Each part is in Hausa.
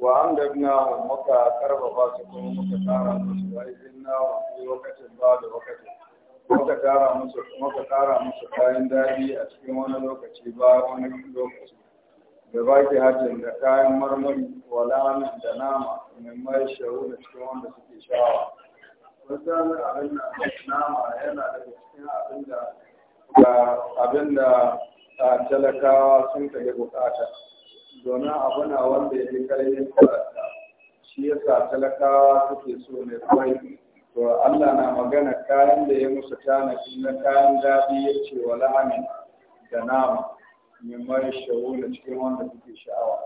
wa an gabna muka karfafa su kuma muka tara musu wa izin na wasu lokacin ba da lokacin muka kayan daɗi a cikin wani lokaci ba wani lokaci da baki hajjin da kayan marmari walamin da nama mai mai shahu da cikin wanda suke shawa wasan abin da nama yana daga cikin abin da abin da ah, talakawa sun kai bukata domin abu na wanda ya fi karfin karanta shi ya sa talakawa suke so ne kawai to Allah na magana kayan da ya musu tanaki na kayan daɗi ya ce wa la'amin da nama min mara shawo da cikin wanda suke sha'awa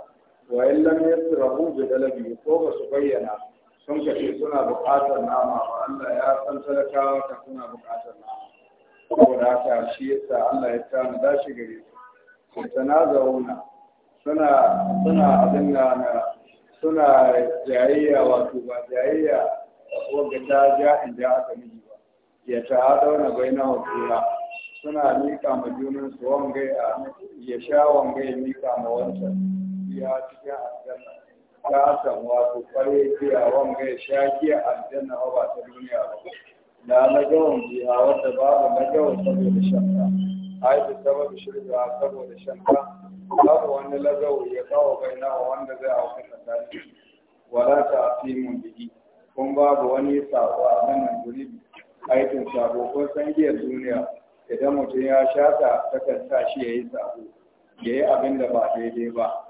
wa ne su rabu da dalabi ko ba su bayyana sun kace suna buƙatar nama ba Allah ya san talakawa ta suna buƙatar nama saboda haka shi ya sa Allah ya tanada shi gare su zauna. suna suna abin na suna jayayya wato ba jayayya wanda ta ja in ja aka miji ba ya ta dauna baina hukuma suna mika ma junan su wangai a ya sha wangai mika ma wancan ya cikin aljanna ta san wato kwarai biya wangai sha a aljanna ba ta duniya ba na nagawan biya wadda babu nagawan saboda shanka ai da saboda shirga saboda shanka babu wani lagawo ya kawo baina wanda zai auka tsakani wala ta asimun biki kun babu wani sako a wannan zunubi aikin sako kun san giyar duniya idan mutum ya sha ta takan sa shi ya yi sako ya yi abin da ba daidai ba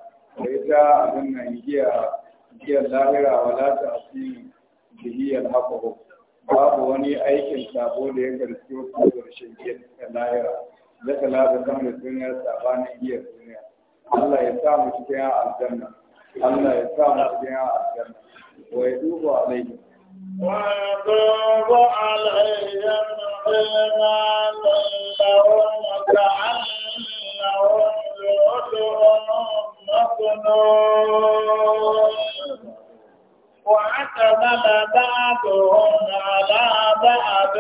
da ita abin nan giya giyar lahira wala ta asimun biki ya haƙo babu wani aikin sako da ya garfi wasu da lahira zaka lafi kan da duniya sabanin giyar duniya Allah ya sa mu cikin aljanna Allah ya sa mu cikin aljanna wa ya duba alaihi wa duba alaihi bima lahum ka'annahum lu'lu'un maknun واعتمد بعضهم على بعض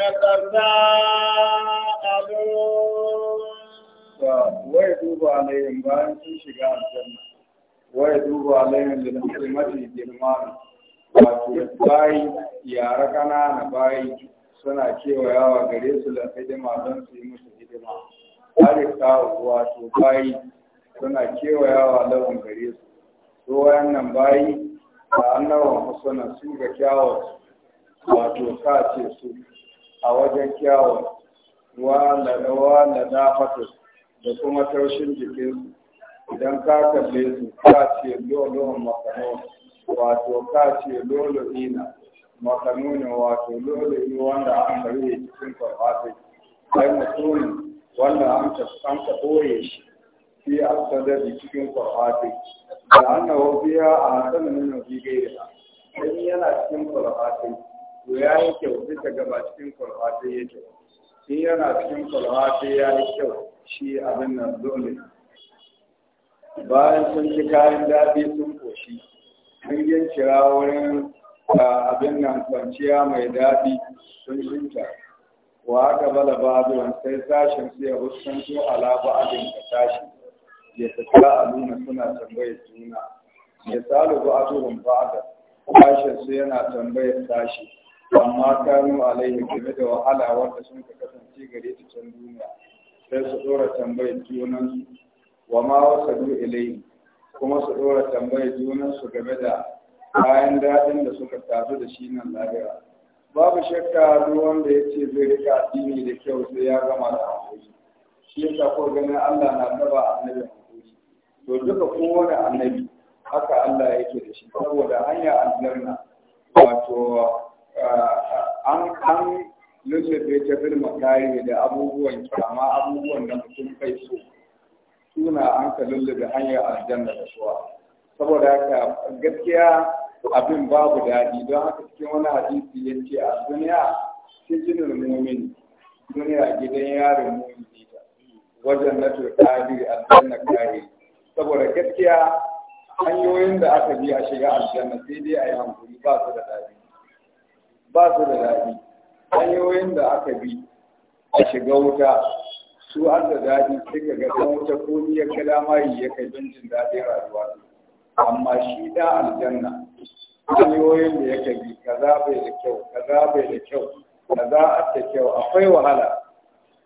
يتساءلون waya duba alayhim bayan sun shiga aljanna waya duba alayhim lil muslimati girma wato bayi yara ƙanana bayi suna kewayawa gare su da hidima don su yi musu hidima harika wato bayi suna kewayawa lawan gare su to wayannan bayi da annawan musana su ga kyawun wato ka ce su a wajen kyawun wa da ladafatu da kuma taushin jikinsu idan ka kalle su ka ce lolo'in makano wato ka ce lolo'ina makanoni wato lolo lolo'i wanda an karye cikin kwarfatai ai mutumin wanda an ka ɓoye shi fi asadari cikin kwarfatai da annawa biya a hasanin nuna bigai Sai in yana cikin kwarfatai to ya yi kyau duka gaba cikin kwarfatai yake in yana cikin kwarfatai ya yi kyau shi abin nan dole bayan sun ci kayan daɗi sun koshi sun cira wurin abin nan kwanciya mai daɗi sun shinta wa aka bala babuwan sai sashen su ya huskan su alaba abin ka tashi ya tafiya a nuna suna tambayar juna ya salu ba a turun ba sashen su yana tambayar tashi. amma kanu alaihi game da wahala wanda sun ka kasance gare ta can duniya sai su dora tambayar su wa ma kuma su dora tambayar junansu game da kayan daɗin da suka tafi da shi nan lahira babu shakka duk wanda ya ce zai rika addini da kyau sai ya gama da hankali shi yasa ko ganin Allah na taba annabi hankali to duka kowane annabi haka Allah yake da shi saboda hanya aljanna wato ah, an an lullube ta bil makari da abubuwan kama abubuwan da mutum kai so suna an ka lullube hanyar aljanna da suwa saboda haka gaskiya abin babu daɗi don haka cikin wani hadisi ya ce a duniya cikin mumin duniya gidan yarin mumin ne ta wajen na turkari aljanna kare saboda gaskiya hanyoyin da aka bi a shiga aljanna sai dai a yi hankali ba su da daɗi ba su da daɗi hanyoyin da aka bi a shiga wuta su an da daɗi sai ka ga ɗan wuta ko ni ya ga dama ya kai don jin rayuwa amma shi da aljanna hanyoyin da yake bi kaza bai da kyau kaza bai da kyau kaza a da kyau akwai wahala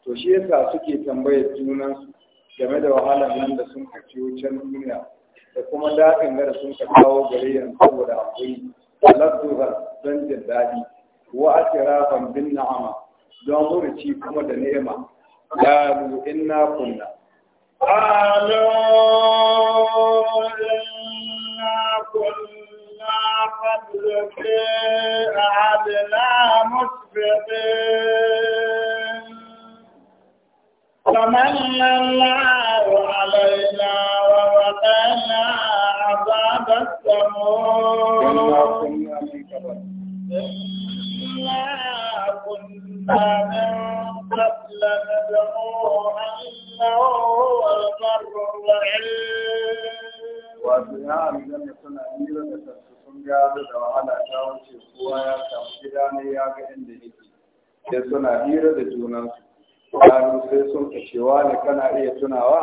to shi yasa suke tambayar junansu game da wahalar nan da sun kaci wucin duniya da kuma daɗin da sun ka kawo gare yanzu saboda akwai lazzura don jin daɗi واعترافا بالنعمه دامور شي كما قالوا انا كنا قالوا انا كنا قبل في اهلنا مسبقين فمن الله علينا ووقعنا عذاب السموم إنا كنا من wato ya aljanna suna hira da kansu sun ga da wahala ta wuce kowa ya samu gida ne ya inda yake sai suna hira da junansu kanu sai sun kashewa ne kana iya tunawa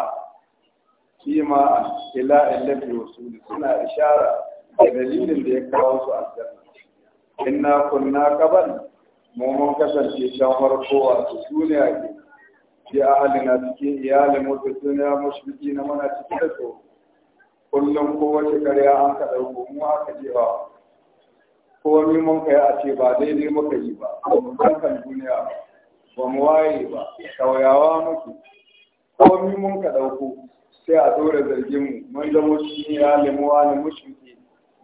kima ila illati wasuli suna ishara da dalilin da ya kawo su a aljanna inna kunna qaban mu mun kasance can farko wato su ne ake fi ahalina cikin iyalin wata duniya mushriki na mana cikin da tsoro kullum ko wace karya an ka ɗauko mu aka je ba komi mun kai a ce ba daidai muka yi ba ba mu kankan duniya ba mu waye ba kauyawa ko komi mun ka ɗauko sai a ɗora zargin mu mun zama cikin iyalin wani mushriki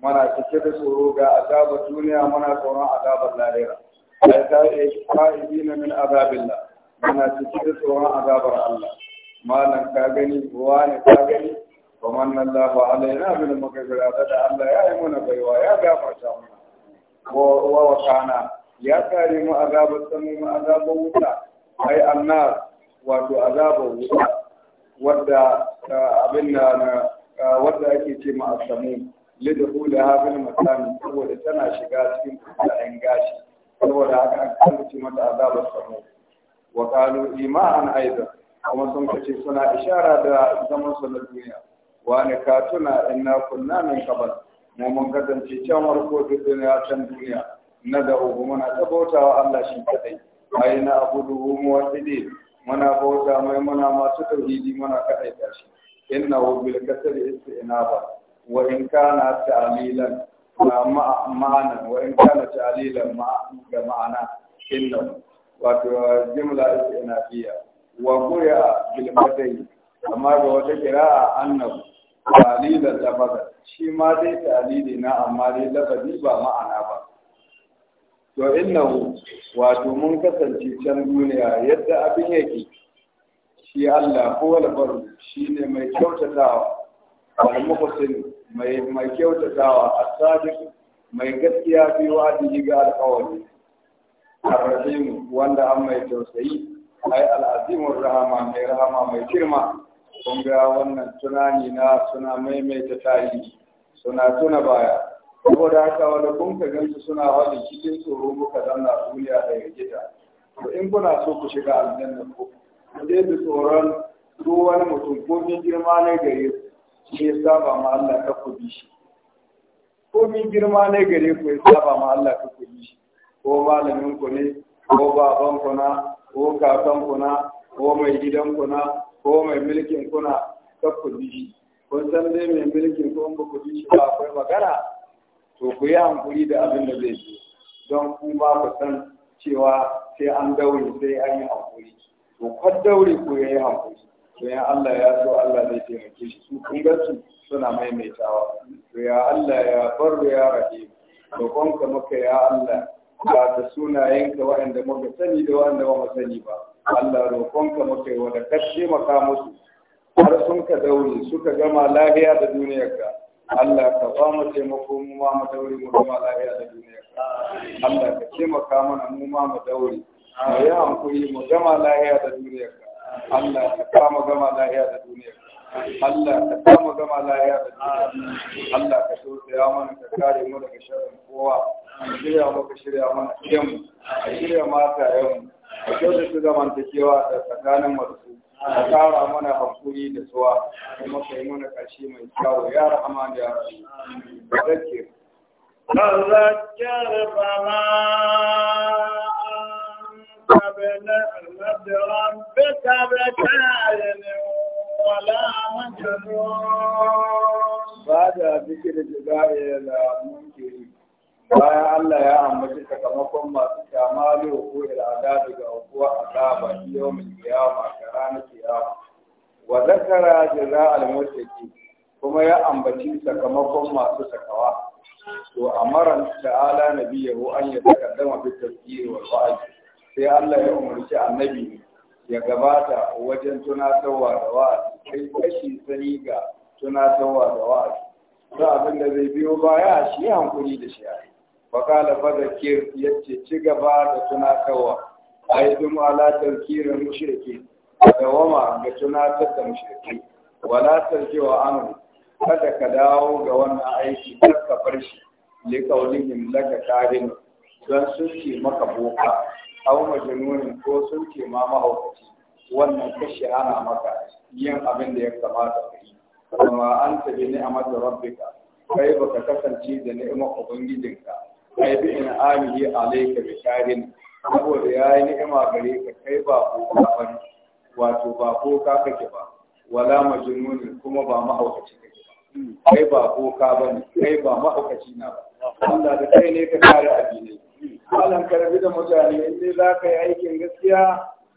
muna cike da tsoro ga azabar duniya muna tsoron azabar lahira ai ta yi na min azabillah muna cike da tsoron azabar Allah malam ka gani ne ka gani wa manna Allah alaina bil maghfirata da Allah ya yi mana baiwa ya gafarta mana wa wa kana ya kare mu azabar samu mu azabar wuta ai annar wato azabar wuta wadda ah, abin ah, wadda ake ce ma asamu lidhula hafil masami saboda tana shiga cikin kudaden gashi saboda haka an kalmace mata azabar samu wa qalu ima'an aidan kuma sun kace suna ishara da zaman su na duniya wa ne ka tuna inna kunna min qabl mu mun kasance can warko duk duniya can duniya na da ugu muna ta bautawa Allah shi kadai ai na abudu mu wasidi muna bauta mai muna masu tauhidi muna kadai tashi inna bil kasri istinaba wa in kana ta'lilan ma'ana wa in kana ta'lilan ga ma'ana inna wato jimla istinafiya wa qura bil madai amma ga wata qira'a annahu ta'lilan lafaza shi ma dai ta'lili na amma dai lafazi ba ma'ana ba to innahu wato mun kasance can duniya yadda abin yake shi Allah ko walbar shi ne mai kyautatawa al-muqsin mai mai kyautatawa a sadiq mai gaskiya fi wa'dihi ga alƙawari ar-rahim wanda an mai tausayi ai yi azimur rahama mai rahama mai kirma. kun ga wannan tunani na suna maimaita tarihi suna tuna baya saboda haka wanda kun gansu suna wani cikin tsoro muka zanna duniya da gida. to in kuna so ku shiga aljanna ko ku dai da tsoron duk wani mutum ko girma ne gare su shi ya saba ma Allah ka kudi shi ko mi girma ne gare ku ya saba ma Allah ka kudi shi ko malamin ku ne ko baban ku na ko kakan ku na ko mai gidan ku na ko mai mulkin ku na ka kudi shi kun san dai mai mulkin ku ba ku shi ba akwai magana to ku yi hankuri da abin da zai yi don ku ba ku san cewa sai an daure sai an yi hankuri to kwan daure ko ya yi hankuri to ya Allah ya so Allah zai taimake shi su kun suna maimaitawa to ya Allah ya barru ya rahim ka maka ya Allah ba ta sunayenka waɗanda muka sani da waɗanda ba mu sani ba Allah ka maka yi wanda ka taimaka musu har sun ka daure suka gama lahiya da duniyarka Allah ka ba mu taimako mu ma mu daure mu gama lahiya da duniyarka Allah ka taimaka mana mu ma mu daure mu yi hankuri mu gama lahiya da duniyarka Allah ka kama gama lahiya da duniya Allah ka kama gama lahiya da duniya Allah ka tausaya mana ka kare mu daga sharrin kowa shirya maka shirya mana kiyanmu a shirya mata yau. a ta kewa da tsakanin masu A kara mana hankuri da tsuwa kuma ka yi mana kashi mai kyawu ya rahama da ya rahama. Zakkir. Zakkir ba ma نعمة ربك بكائن ولا مجنون بعد ذكر جبائل المنكرين bayan Allah ya ambaci sakamakon masu kyamali ko irada daga ukuwa azaba yau mai kiyama da ranar kiyama wa zakara jaza al-mutaki kuma ya ambaci sakamakon masu takawa to amaran ta'ala nabiyahu an ya takaddama bi tafsir wal wa'id sai Allah ya umarci annabi ya gabata wajen tunatarwa da wa'azi kai kashi sani ga tunatarwa da wa'azi za abin da zai biyo baya shi hankuri da shi ai fakala fadakir ce ci gaba da tunatarwa yi zuma ala tazkirin mushriki da wama ga tunatar da mushriki wala tarjiwa anhu kada ka dawo ga wannan aiki kar ka bar shi li kaulihim laka kahin don sun ce maka boka aw majnunin ko sun ke ma mahaukaci wannan kashi ana maka yin abin da ya kamata ka yi kuma an tabi ni'mat rabbika kai baka kasance da ni'imar ubangijinka kai bi in amihi alayka bi karin saboda yayi ni'ima gare ka kai ba ko ka bari wato ba ko ka kake ba wala majnunin kuma ba mahaukaci kake kai ba boka ba ne kai ba mahaukaci na ba wanda da kai ne ka kare abinai Allah karbi da mutane in dai za ka yi aikin gaskiya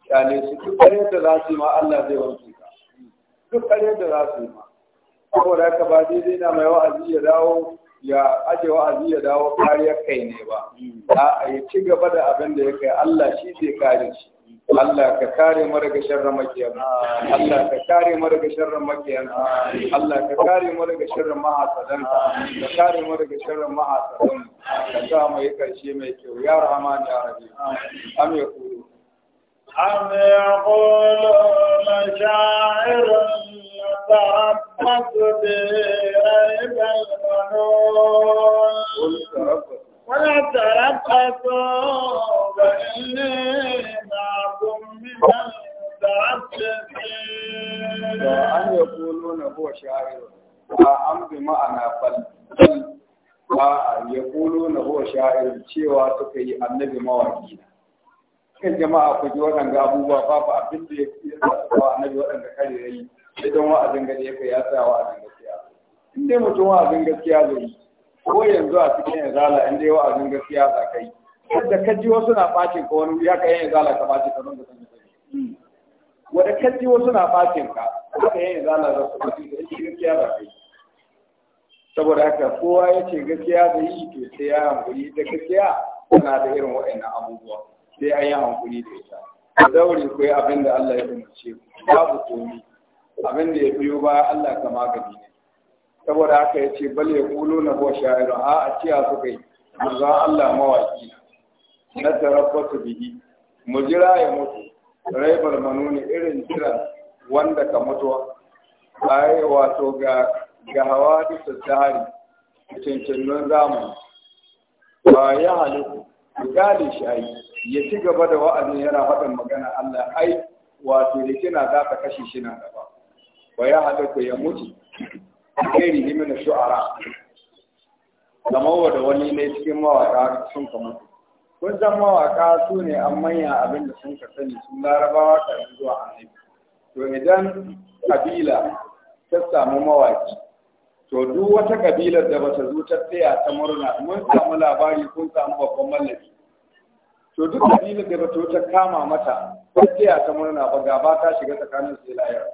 kyale su duk kare da za su yi ma Allah zai wanke ka duk kare da za su yi ma saboda ka ba dai na mai wa'azi ya dawo ya aje wa'azi ya dawo kariyar kai ne ba a ya ci gaba da abin da ya kai Allah shi zai kare shi الله كاري مرق شر مكيان الله كاري مرق شر مكيان الله كاري مرق شر ما حسدن كاري مرق شر ما حسدن كذا يكشي ميكيو يا رحمان يا ربي أم يقول أم يقول مشاعر تربط بعيب المنور kan jama'a ku ji waɗanda abubuwa babu abin da ya fi yawa annabi waɗanda kare ya yi idan wa'azin gari ya kai ya tsaya wa'azin gaskiya in dai mutum wa'azin gaskiya zai yi ko yanzu a cikin izala in dai wa'azin gaskiya za ka yi ka ji wasu na bacin ka wani ya kai izala ka bacin ka zanga zanga wanda ka ji wasu na bacin ka ka yi izala za ka bacin ka shi gaskiya za ka yi saboda haka kowa ya ce gaskiya zai yi to sai ya hankali da gaskiya tana da irin wa'annan abubuwa sai an yi hankuli da ita A daure kai yi abin da Allah ya umarce ku babu komi abin da ya biyo ba Allah ka magani ne saboda haka ya ce bal ya kulo na ko sha'iru a a ciya su kai manzo Allah mawaki na tarabbasu bihi mu jira ya mutu raibar manuni irin jiran wanda ka mutuwa ai wato ga ga hawa da tsari nan zamani ba ya halittu gane shi aiki ya ci gaba da wa'azin yana faɗin magana Allah ai wato da kina za ta kashe shi nan gaba wa ya ku ya mutu kai rihimi na shu'ara kamar da wani ne cikin mawaƙa sun ka mutu kun san mawaƙa su ne an manya abin da sun ka sani sun larabawa kafin zuwa annabi to idan kabila ta samu mawaƙi to duk wata kabilar da bata zo ta tsaya ta murna mun samu labari kun samu babban mallaki to duk dalilin da bato ta kama mata ko taya ta murna ba gaba ta shiga tsakanin su layar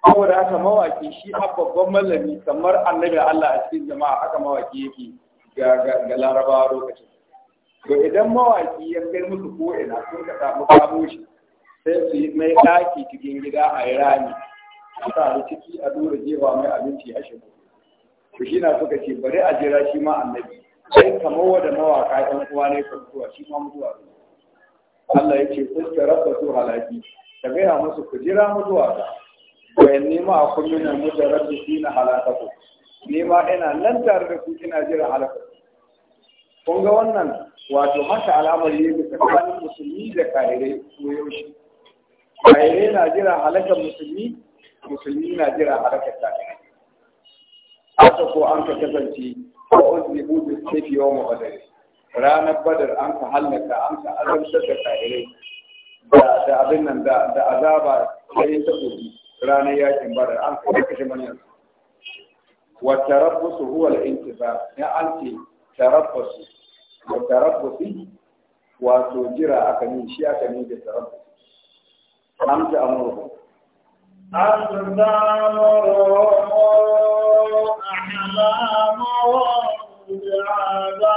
saboda haka mawaki shi a babban mallami kamar annabi Allah a cikin jama'a aka mawaki yake ga larabawa lokacin to idan mawaki ya kai musu ko ina sun ka samu kamo shi sai su yi mai ɗaki cikin gida a yi rami a sa ciki a dora jefa mai abinci a shigo to shi na suka ce bari a jira shi ma annabi sai kamar wanda mawaka ɗan uwa ne ka mutuwa shi ma mutuwa ne Allah ya ce kuka rabba su halaki ka gaya musu ku jira mutuwa ta bayan nema a kullum na mutu rabbi shi na halaka ku nema ina nan tare da ku ina jira halaka kun ga wannan wato haka al'amari yake tsakanin musulmi da kahirai ko yaushe kahirai na jira halakar musulmi musulmi na jira halakar ta. haka ko an ka kasance ko uzibu bi sayfi yawm badr ranar badar an ka halaka an ka azabtar da kafirai da da abin nan da da azaba sai ta gobe ranar yakin badar an ka kashe manyan wa tarabbusu huwa al-intizar ya alki tarabbusu wa tarabbusi wato jira aka ni shi aka ni da tarabbusi amsa amuru amsa amuru لها مواضع ذا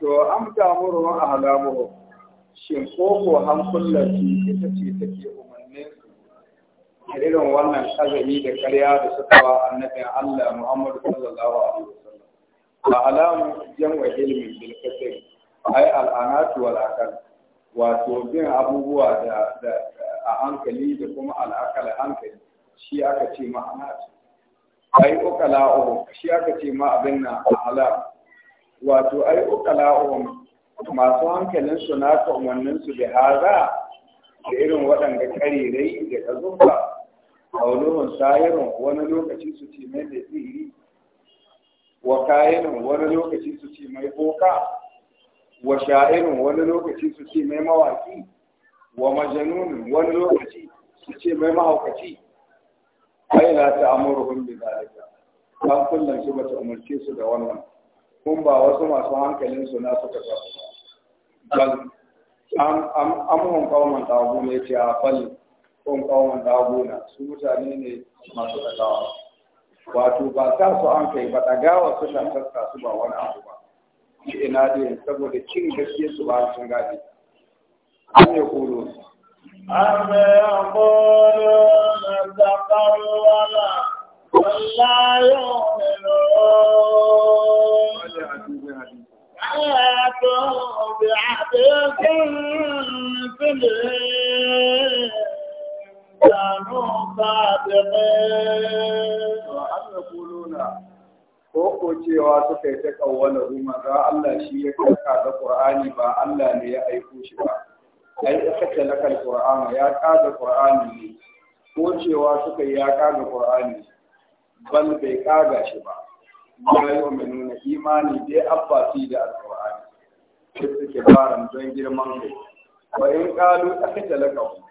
To an damuruwan ahalamuhu, shin koko hankulanci ita ce take umarninsu, da irin wannan azumi da karya da suka wa annabin Allah Muhammadu sallallahu alaihi wasallam. Ahalamu jam'a ilimin bilkasai, ai al'anatu wal akal, wato bin abubuwa da a hankali da kuma al'akala hankali shi aka ce ma a al'adu ai ukala'uhum shi aka ce ma abin na ala wato ai ukala'uhum masu hankalin su na umarnin su da haza da irin waɗanda karirai da kazuba kauluhun sayirun wani lokaci su ce mai da tsiri wa kayanin wani lokaci su ce mai boka wa sha'irin wani lokaci su ce mai mawaki wa majanun wani lokaci su ce mai mahaukaci aina ta amuruhum bi zalika kan kullum su bata umarce su da wannan kun ba wasu masu hankalin su na suka ga bal am am amhum qauman tabuna ce a bal kun qauman na su mutane ne masu dagawa wato ba ta su an kai ba dagawa su ta su ba wani abu ba ina dai saboda cin gaske su ba sun gaji أن يقولون أما يقولون تقولا ولا يؤمنون حياته بعهد كنت لي كانوا صادقين Ko cewa suka yi ta kawo wani ruma Allah shi ya karka da Ƙur'ani ba Allah ne ya aiko shi ba. ai saka lakal qur'ana ya kaga qur'ani ne ko cewa suka ya kaga qur'ani bal bai kaga shi ba ma nuna imani dai abbasi da alqur'ani sai suke fara don girman kai Ko in qalu saka lakal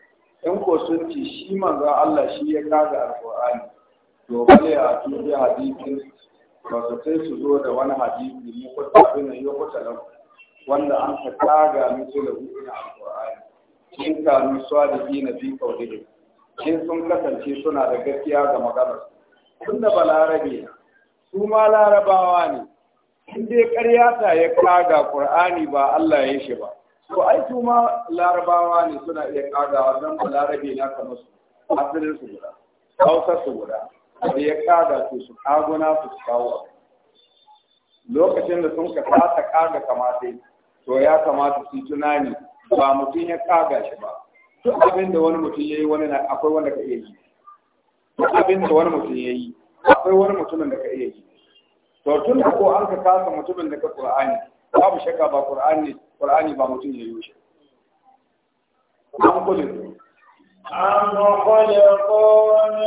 in ko sun ci shi manzo Allah shi ya kaga alqur'ani to bale a tuji hadisin ba su sai su zo da wani hadisi mu kwata abin yau kuta lau wanda an ka kaga mutum da hukun alqur'ani in kanu salihin fi qawlihim in sun kasance suna da gaskiya ga maganar tun da balarabe su ma larabawa ne in dai ƙarya ta ya kaga qur'ani ba Allah ya shi ba to ai su ma larabawa ne suna iya kagawa wannan balarabe na kamar su asirin su guda hausa su guda da ya kaga su su kaguna su su kawo lokacin da sun ka ta kaga kamata to ya kamata su tunani ba mutum ya kaga shi ba duk abin da wani mutum ya yi wani na akwai wanda ka iya yi duk abin da wani mutum ya yi akwai wani mutumin da ka iya yi to tun da ko an ka kasa mutumin da ka qur'ani babu shakka ba qur'ani qur'ani ba mutum ya yi shi an kullu أم خلقوا من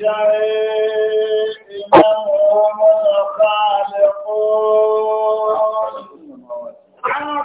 شيء إنهم الخالقون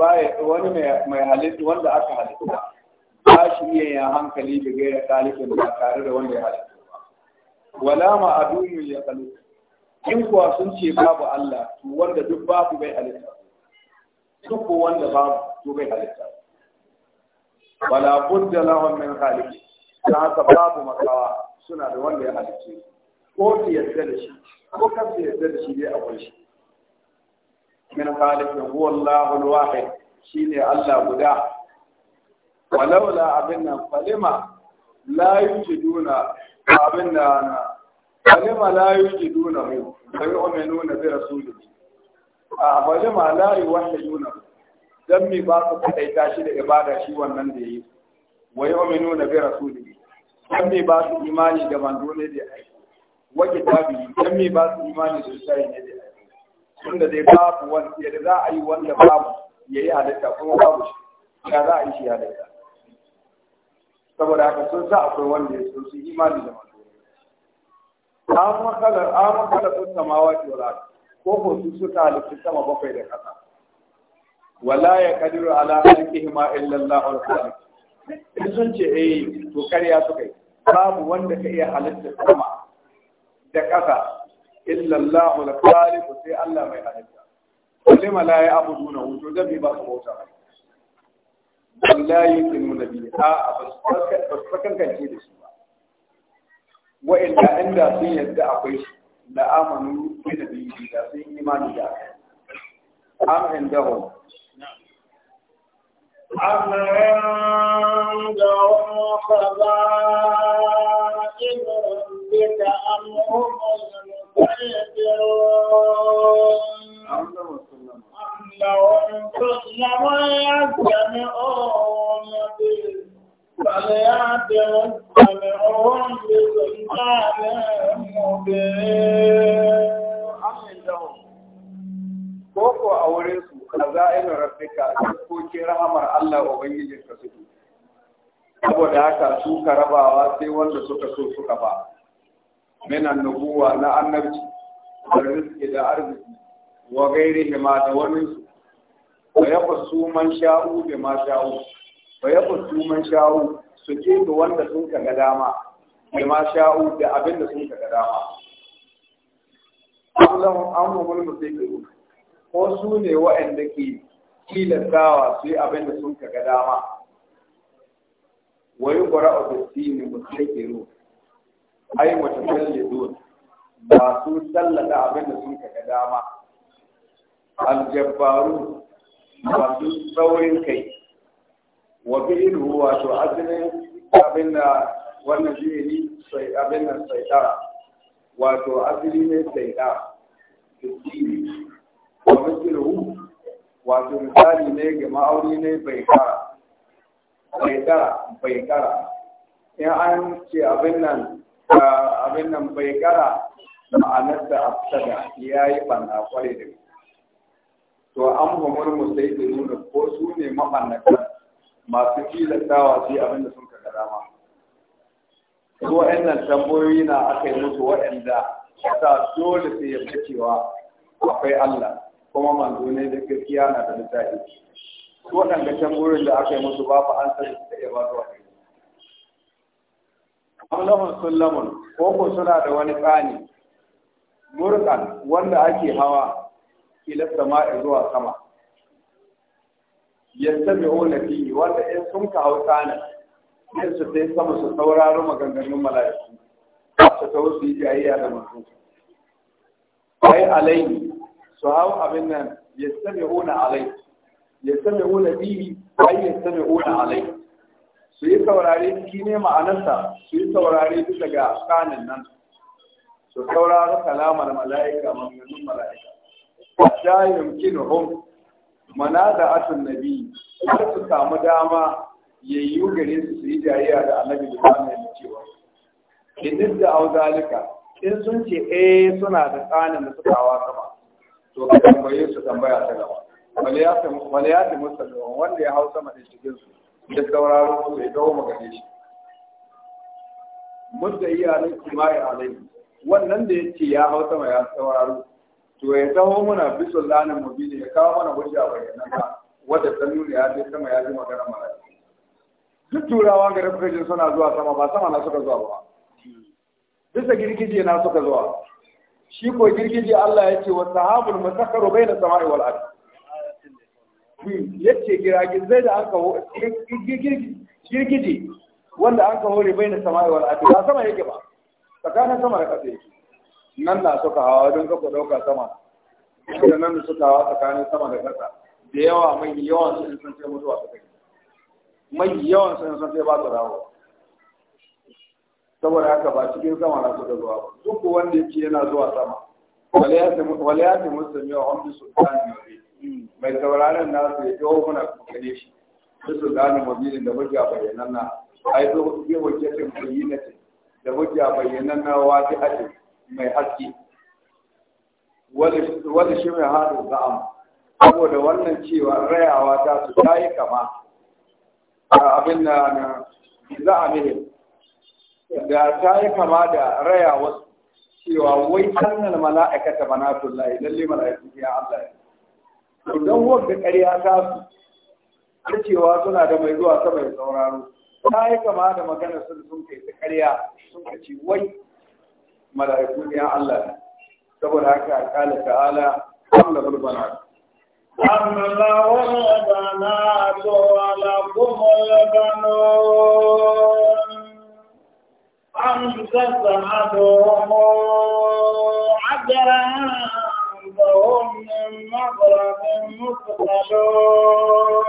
baya wani mai halittu wanda aka halittu ba shi iya yin hankali da gaira ɗalibin ba tare da wanda ya halittu ba wala ma adunu ya kalu. in kuwa sun ce babu Allah to wanda duk babu bai halitta duk ko wanda babu to bai halitta wala budda lahum min halittu ta haka babu makawa suna da wanda ya halitta. ko su yarda da shi ko kan su yarda da shi dai akwai shi min khaliqin huwa Allahu al shine Allah guda walaula abin nan falima la yujiduna abin nan falima la yujiduna hu sai uminuna bi rasulihi a falima la yuwahiduna dan mi ba su kadaita shi da ibada shi wannan da yi wa yu'minuna bi rasulihi dan mi ba su imani da manzo ne da ai wa kitabi dan mi ba su imani da sai ne da wanda zai babu wani yadda za a yi wanda babu ya yi halitta kuma babu shi ya za a yi shi halitta saboda haka sun sa akwai wanda ya sun su imani da manzo an makalar an makalar sun sama wa wala ko ko su ta halitta sama bakwai da kasa wala ya kadiru ala khalqihima illa Allah al-khaliq in sun ce eh to karya suka yi babu wanda ka iya halitta sama da kasa illa Allah al-khaliq sai Allah mai halitta kulli ma la ya'buduna hu to dai ba su bauta ba wallahi kin nabi a abasakan kance da shi ba wa illa inda sun yadda akwai shi la amanu bi nabi da sun yi imani da am indahu Ko ko a wurinsu kaza'inu rabbika dukkokin rahamar Allah ubangijin ka suke saboda haka su ka rabawa sai wanda suka so suka ba minan nubuwa na annabci da rizki da arziki wa gairi ma da wani su wa yafa su man sha'u da ma sha'u wa yafa su man sha'u su ce ga wanda sun ka ga dama da ma sha'u da abin da sun ka ga dama Allah an mu mulmu sai ka ko su ne waɗanda ke tilastawa su yi abin da sun kaga dama wani ƙwara a gusti ne mutum ke ro ai mutum kalle zo ba su tallata abin da sun kaga dama aljabbaru ba su saurin kai wa fi'ilu wato azinin abin da wannan fi'ili sai abin da sai wato asali ne sai da wa mislihu wato misali ne ga ma'auni ne bai kara bai kara bai kara in an ce abin nan abin nan bai kara ma'anar da afsada ya yi banna kwarai da to an humar musai da nuna ko su ne mabannatan masu tilastawa sai abin da sun ka dama su wa'annan tambayoyi na aka yi musu wa'anda sa dole sai ya cewa akwai Allah kuma manzo ne da gaskiya na da littafi su waɗanda gurin da aka yi musu babu an sani da ya ba su wani amlahun sullamun ko ko suna da wani tsani murkan wanda ake hawa ila sama'i zuwa sama ona fihi wanda in sun ka hau tsanin sai su sai sama su sauraro maganganun mala'iku su tawo su yi jayayya da mutum ai alaihi su hau abin nan ya sami hona alai ya sami hona bihi ai ya sami hona alai su yi saurare ciki ne ma'anarsa su yi saurare bisa ga kanin nan su saurara kalamar mala'ika maganganun mala'ika ta yamkinu hum mana da na biyu har su samu dama yi gare su su yi jayayya da annabi da zama ya cewa in duk da auzalika in sun ce eh suna da tsanin da suka hawa sama to ka tambaye su tambaya ta gaba Wani ya taimu sallon wanda ya hau sama da cikin su da sauraron su ya gawo magane shi mutta iyalin kimai alai wannan da ya ce ya hau sama ya sauraro to ya taho muna bisul lanin mubini ya kawo mana hujja bayanan ba wadda ta nuna ya ce sama ya ji magana mara duk turawa garin kajin suna zuwa sama ba sama na suka zuwa ba bisa girgije na suka zuwa shi ko girgije Allah ya ce wa sahabul masakaru bai na sama'i wal ardi ya ce giragizai da aka girgije wanda aka hore bai na sama'i wal ardi ba sama yake ba tsakanin sama da ƙasa yake nan na suka hawa don kafa ɗauka sama da nan da suka hawa tsakanin sama da ƙasa da yawa mai yawan su in sun ce mutuwa su kai mai yawan su in sun ce ba su dawo saboda haka ba cikin sama na da zuwa ba duk wanda yake yana zuwa sama waliyati musulmi wa hamdu sultani fi. mai sauraron nasu ya jawo muna kare shi su sultani mabi da muke a bayyanan na ai to bi hujjatin bayyinatin da a bayyanan na wati ake mai haske wani shi mai hadu za'am saboda wannan cewa rayawa ta su ta yi kama abin da na mihim da ta yi kama da raya wasu cewa wai mala’aikata annal mala'ikata banatul lahi lalle mala'iku ya Allah to dan wanda ƙarya ta su cewa suna da mai zuwa sama ya sauraro ta yi kama da magana sun sun kai ta ƙarya sun ka ce wai mala’aikun ya Allah ya. saboda haka kala ta'ala Allah bil banat أم لهم البنات ولكم البنون أن تسعدهم عجرا فهم من مغرب مثقلون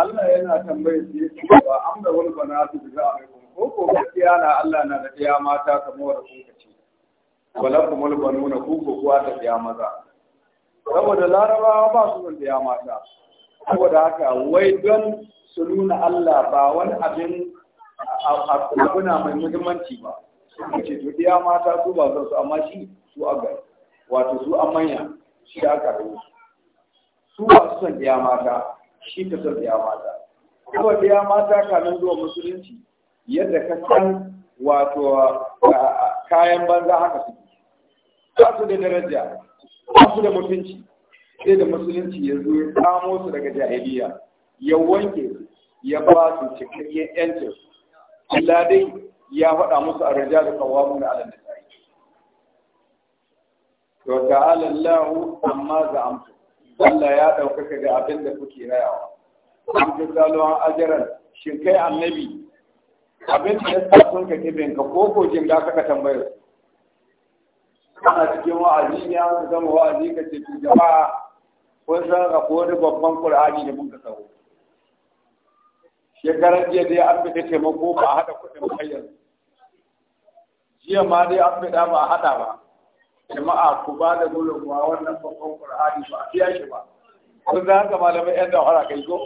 الله يلا تنبيه سيدي وأمر والبنات بجاءكم ko gaskiya na Allah na da ɗaya mata kamar da kuka ce wala kuma banu na kuka kuwa da ɗaya maza saboda larabawa ba su da ɗaya mata saboda haka wai don su nuna Allah ba wani abin abuna mai muhimmanci ba suka ce to ɗaya mata su ba su amma shi su a gari wato su a manya shi a rayu su ba su son ɗaya mata shi ka son ɗaya mata kuma ɗaya mata kamin zuwa musulunci yadda ka san wato kayan banza haka su ba su da daraja ba su da mutunci sai da musulunci ya zo ya samo su daga jahiliya ya wanke ya ba su cikakken yancin Allah dai ya faɗa musu a rija da kawamu da alal nisa'i to ta'ala Allah amma za amsu Allah ya ɗaukaka da abin da kuke rayawa an ji zalon ajaran shin kai annabi abin da ya sa sun ka kibin ka ko ko jin da ka tambayar Kana cikin wa'azi ne an zama wa'azi ka ce jama'a kun san ko wani babban qur'ani da mun ka sauko shekarar jiya dai an fita taimako ba a haɗa kuɗin kayyar jiya ma dai an fita ba a haɗa ba jama'a ku ba da gudunmuwa wannan babban ƙur'ani ba a biya shi ba kun za haka malamai yan da hora kai ko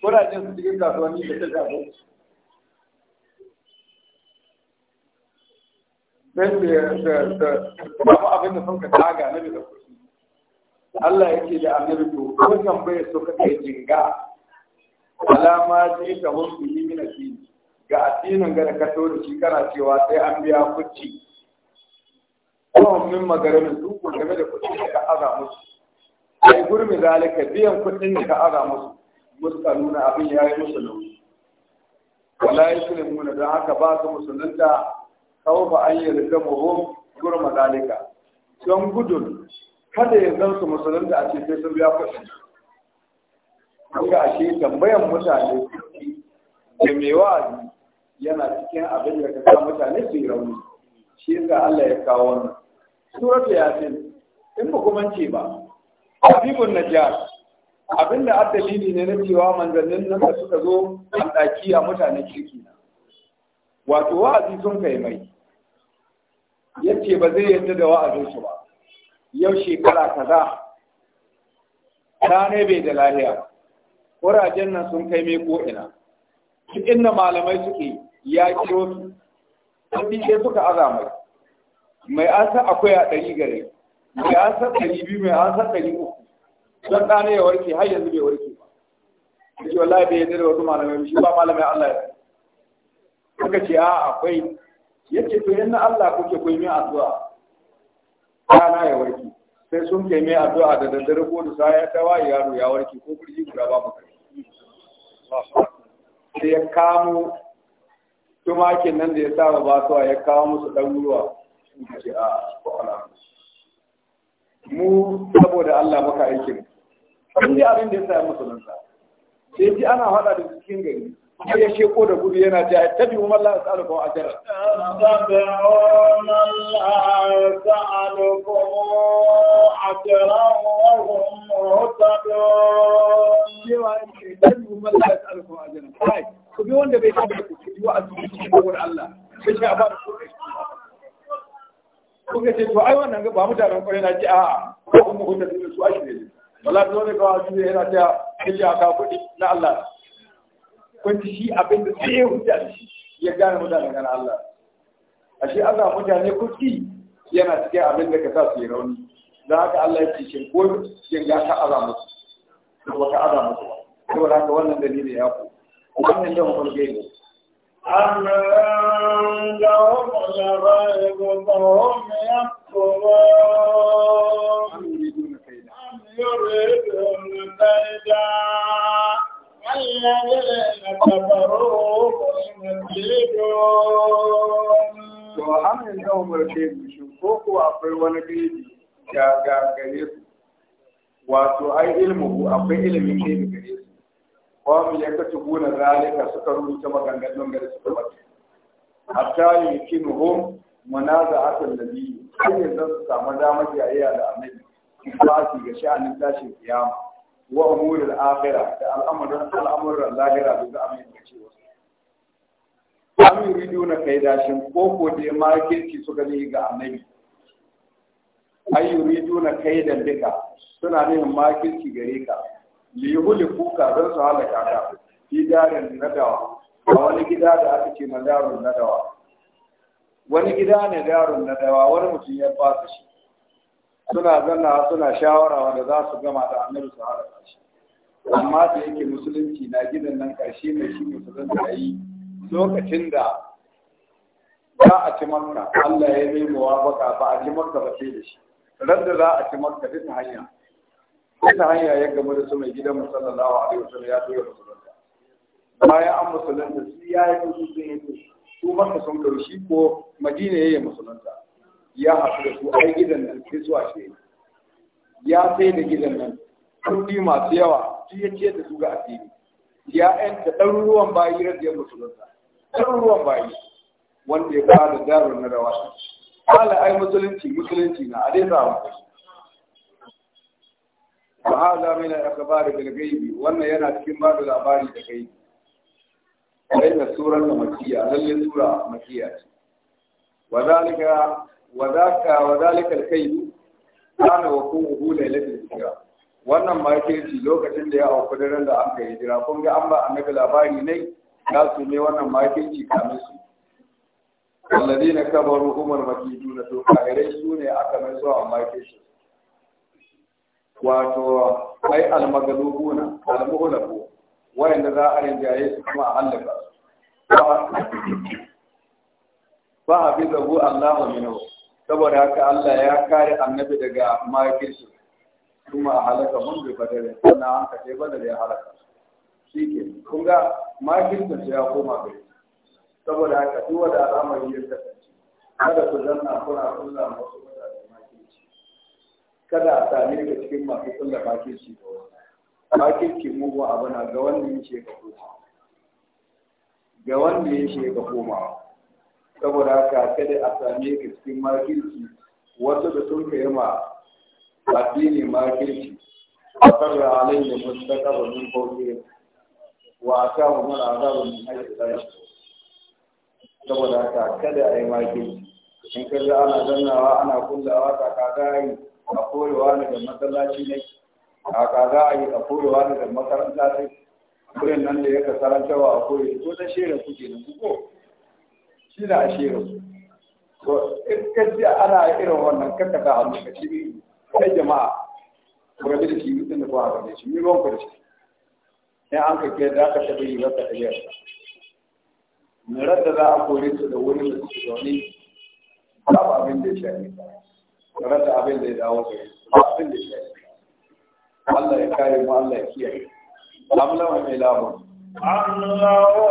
kuna jin su cikin kasuwanni da ta shafi sai su samu abin da sun ka taga na bisa kuɗi Allah yake da annabi to kun tambaye su kake jinga alama ce ka hulku yi mina shi ga addinin ga da ka da shi kana cewa sai an biya kuci kawon min magaramin duku game da kuɗin da ka aza musu sai gurmi zalika biyan kuɗin da ka aza musu muska nuna abin ya yi musu nauyi wala yi sulin muna don haka ba su musulunta kawo ba an yi rika muhum gurma zalika don gudun kada ya zan su musulunta a ce sai sun biya kuɗin kuka ashe tambayan mutane da mai wa'azi yana cikin abin da ka sa mutane su yi rauni shi ga Allah ya kawo wannan suratu yasin in ba kuma ce ba habibun najar abinda addalili ne na cewa manzannin nan da suka zo an daki a mutanen kirki na wato wa'azi sun kai mai yace ba zai yarda da wa'azin su ba yau shekara kaza ta ne bai da lahiya kurajen nan sun kai mai ko'ina duk inda malamai suke ya kiro su sun ɗiɗe suka azamai mai an akwai a ɗari gare mai an ɗari biyu mai an ɗari uku don ɗana ya warke har yanzu bai warke ba shi wallahi bai yadda da wasu malamai shi ba malamai Allah ya suka ce a akwai ce to na Allah kuke koyi min addu'a ɗana ya warke sai sun kai mai addu'a da daddare ko da sa ya tawa yaro ya warke ko kurji guda ba mu kai sai ya kamo tumakin nan da ya sa ba su ya kawo musu ɗan ruwa a ah, kwakwala mu saboda Allah maka aikin in abin da ya sa musulunta sai ji ana haɗa da cikin gari har ya sheko da gudu yana ta tabi wa mallaka a ba ce to ai wannan ba mutanen kwarai na ce a'a ko kuma su a shi ne yana ta kiyaka kuɗi na Allah kun shi abin da sai ya huta shi ya gane mutane gana Allah ashe Allah mutane kuki yana cikin abin da ka sa su yi rauni da ka Allah ya ce shin ko shin ga ka aza musu ko ba ka aza musu ba saboda haka wannan dalili ya ku wannan da mun gaibe أَمْ ya الْغَيْبُ فَهُمْ يَكْتُبُونَ أَمْ يُرِيدُونَ كَيْدًا الذين كفروا مكيدون وهم عندهم wani su wato ai ilmu akwai ilimin gaibi gare su wa mu yaka zalika suka rubuta maganganun gare su kuma hatta yakinuhum da nabi sai yanzu su samu damar yayya da annabi ba su ga sha'anin tashin kiyama wa umuril akhirah da al'amuran al'amuran lahira da amin da cewa amin ridiyo na kai dashin ko ko da marketi suka ne ga annabi ay yuridu na kai da bika suna neman marketi gare ka li yuhliku fuka don su halaka ka fi darin nadawa a wani gida da aka ce madarun nadawa wani gida ne darun nadawa wani mutum ya fasa shi suna zanna suna shawara wanda za su gama da annabi su haɗa amma da yake musulunci na gidan nan ƙarshe mai shi musulunci a yi lokacin da za a ci makka Allah ya yi muwafaka ba a ci makka ba sai da shi radda za a ci makka bisa hanya bisa hanya ya gama da su mai gidan musallallahu alaihi wasallam ya tura musulunta bayan an musulunta su ya yi musulunta sun yi su makka sun karu shi ko madina ya yi musulunta ya haɗu da su ai gidan nan sai zuwa shi ya sai da gidan nan kuɗi masu yawa shi ya ce da su ga asiri ya yanta ɗaruruwan bayi radiyar musulunta ɗaruruwan bayi wanda ya fara darun na rawa kala ai musulunci musulunci na a dai samu wa hada min al ba da ghaibi wannan yana cikin ba da labari da gaibi sai da suran da makiya lallai sura makiya ce wa zalika wa zaka wa zalika alkaydu kana wa kuhu lailatul hijra wannan makirci lokacin da ya auku daren da aka jira kun ga an ba annabi labari ne za su ne wannan makirci kamin su alladina kabaru umar makiduna to kafirai su ne aka mai zuwa shi. wato ai almagalubuna almuhlaku wayanda za a rinjaye su kuma a a su ba Allah Allahu minhu saboda haka Allah ya kare annabi daga makirsu kuma a halaka mun bai da sana an ka sai badare ya halaka shi ke kun ga makirsu ya koma bai saboda haka duk wanda yi ya kasance kada ku zanna kuna kulla masu da makirci kada a sami ka cikin masu da makirci ba wani mu ba abu na ga wanda ya ce ka koma ga wanda ya ce ka komawa saboda haka kada a same ka cikin makirci wasu da sun kai ma addini makirci a sarra alai da ta mustaqaba min fawqihim wa a akahu min azabin min haythu tsaye saboda haka kada a yi makirci in kaga ana zannawa ana kullawa ta kaga yi a koyewa ne da masallaci ne a kaga a yi a koyewa ne da makaranta ne wurin nan da ya kasarantawa a kore ko ta shirin kuke na kuko kina da ashe rasu to in ka ji ana irin wannan kanka da hannu ka ci kai jama'a ku rabu da shi mutum da kuma rabu da shi miliyan ku da shi in an ka ke da ka taɓa yi wata da yarda mirar za a kore su da wurin da suke zaune ba ba abin da ya ne mirar da abin da ya dawo gare su ba abin da ya shafi Allah ya kare mu Allah ya kiyaye. Amlawa mai lamun. Amlawa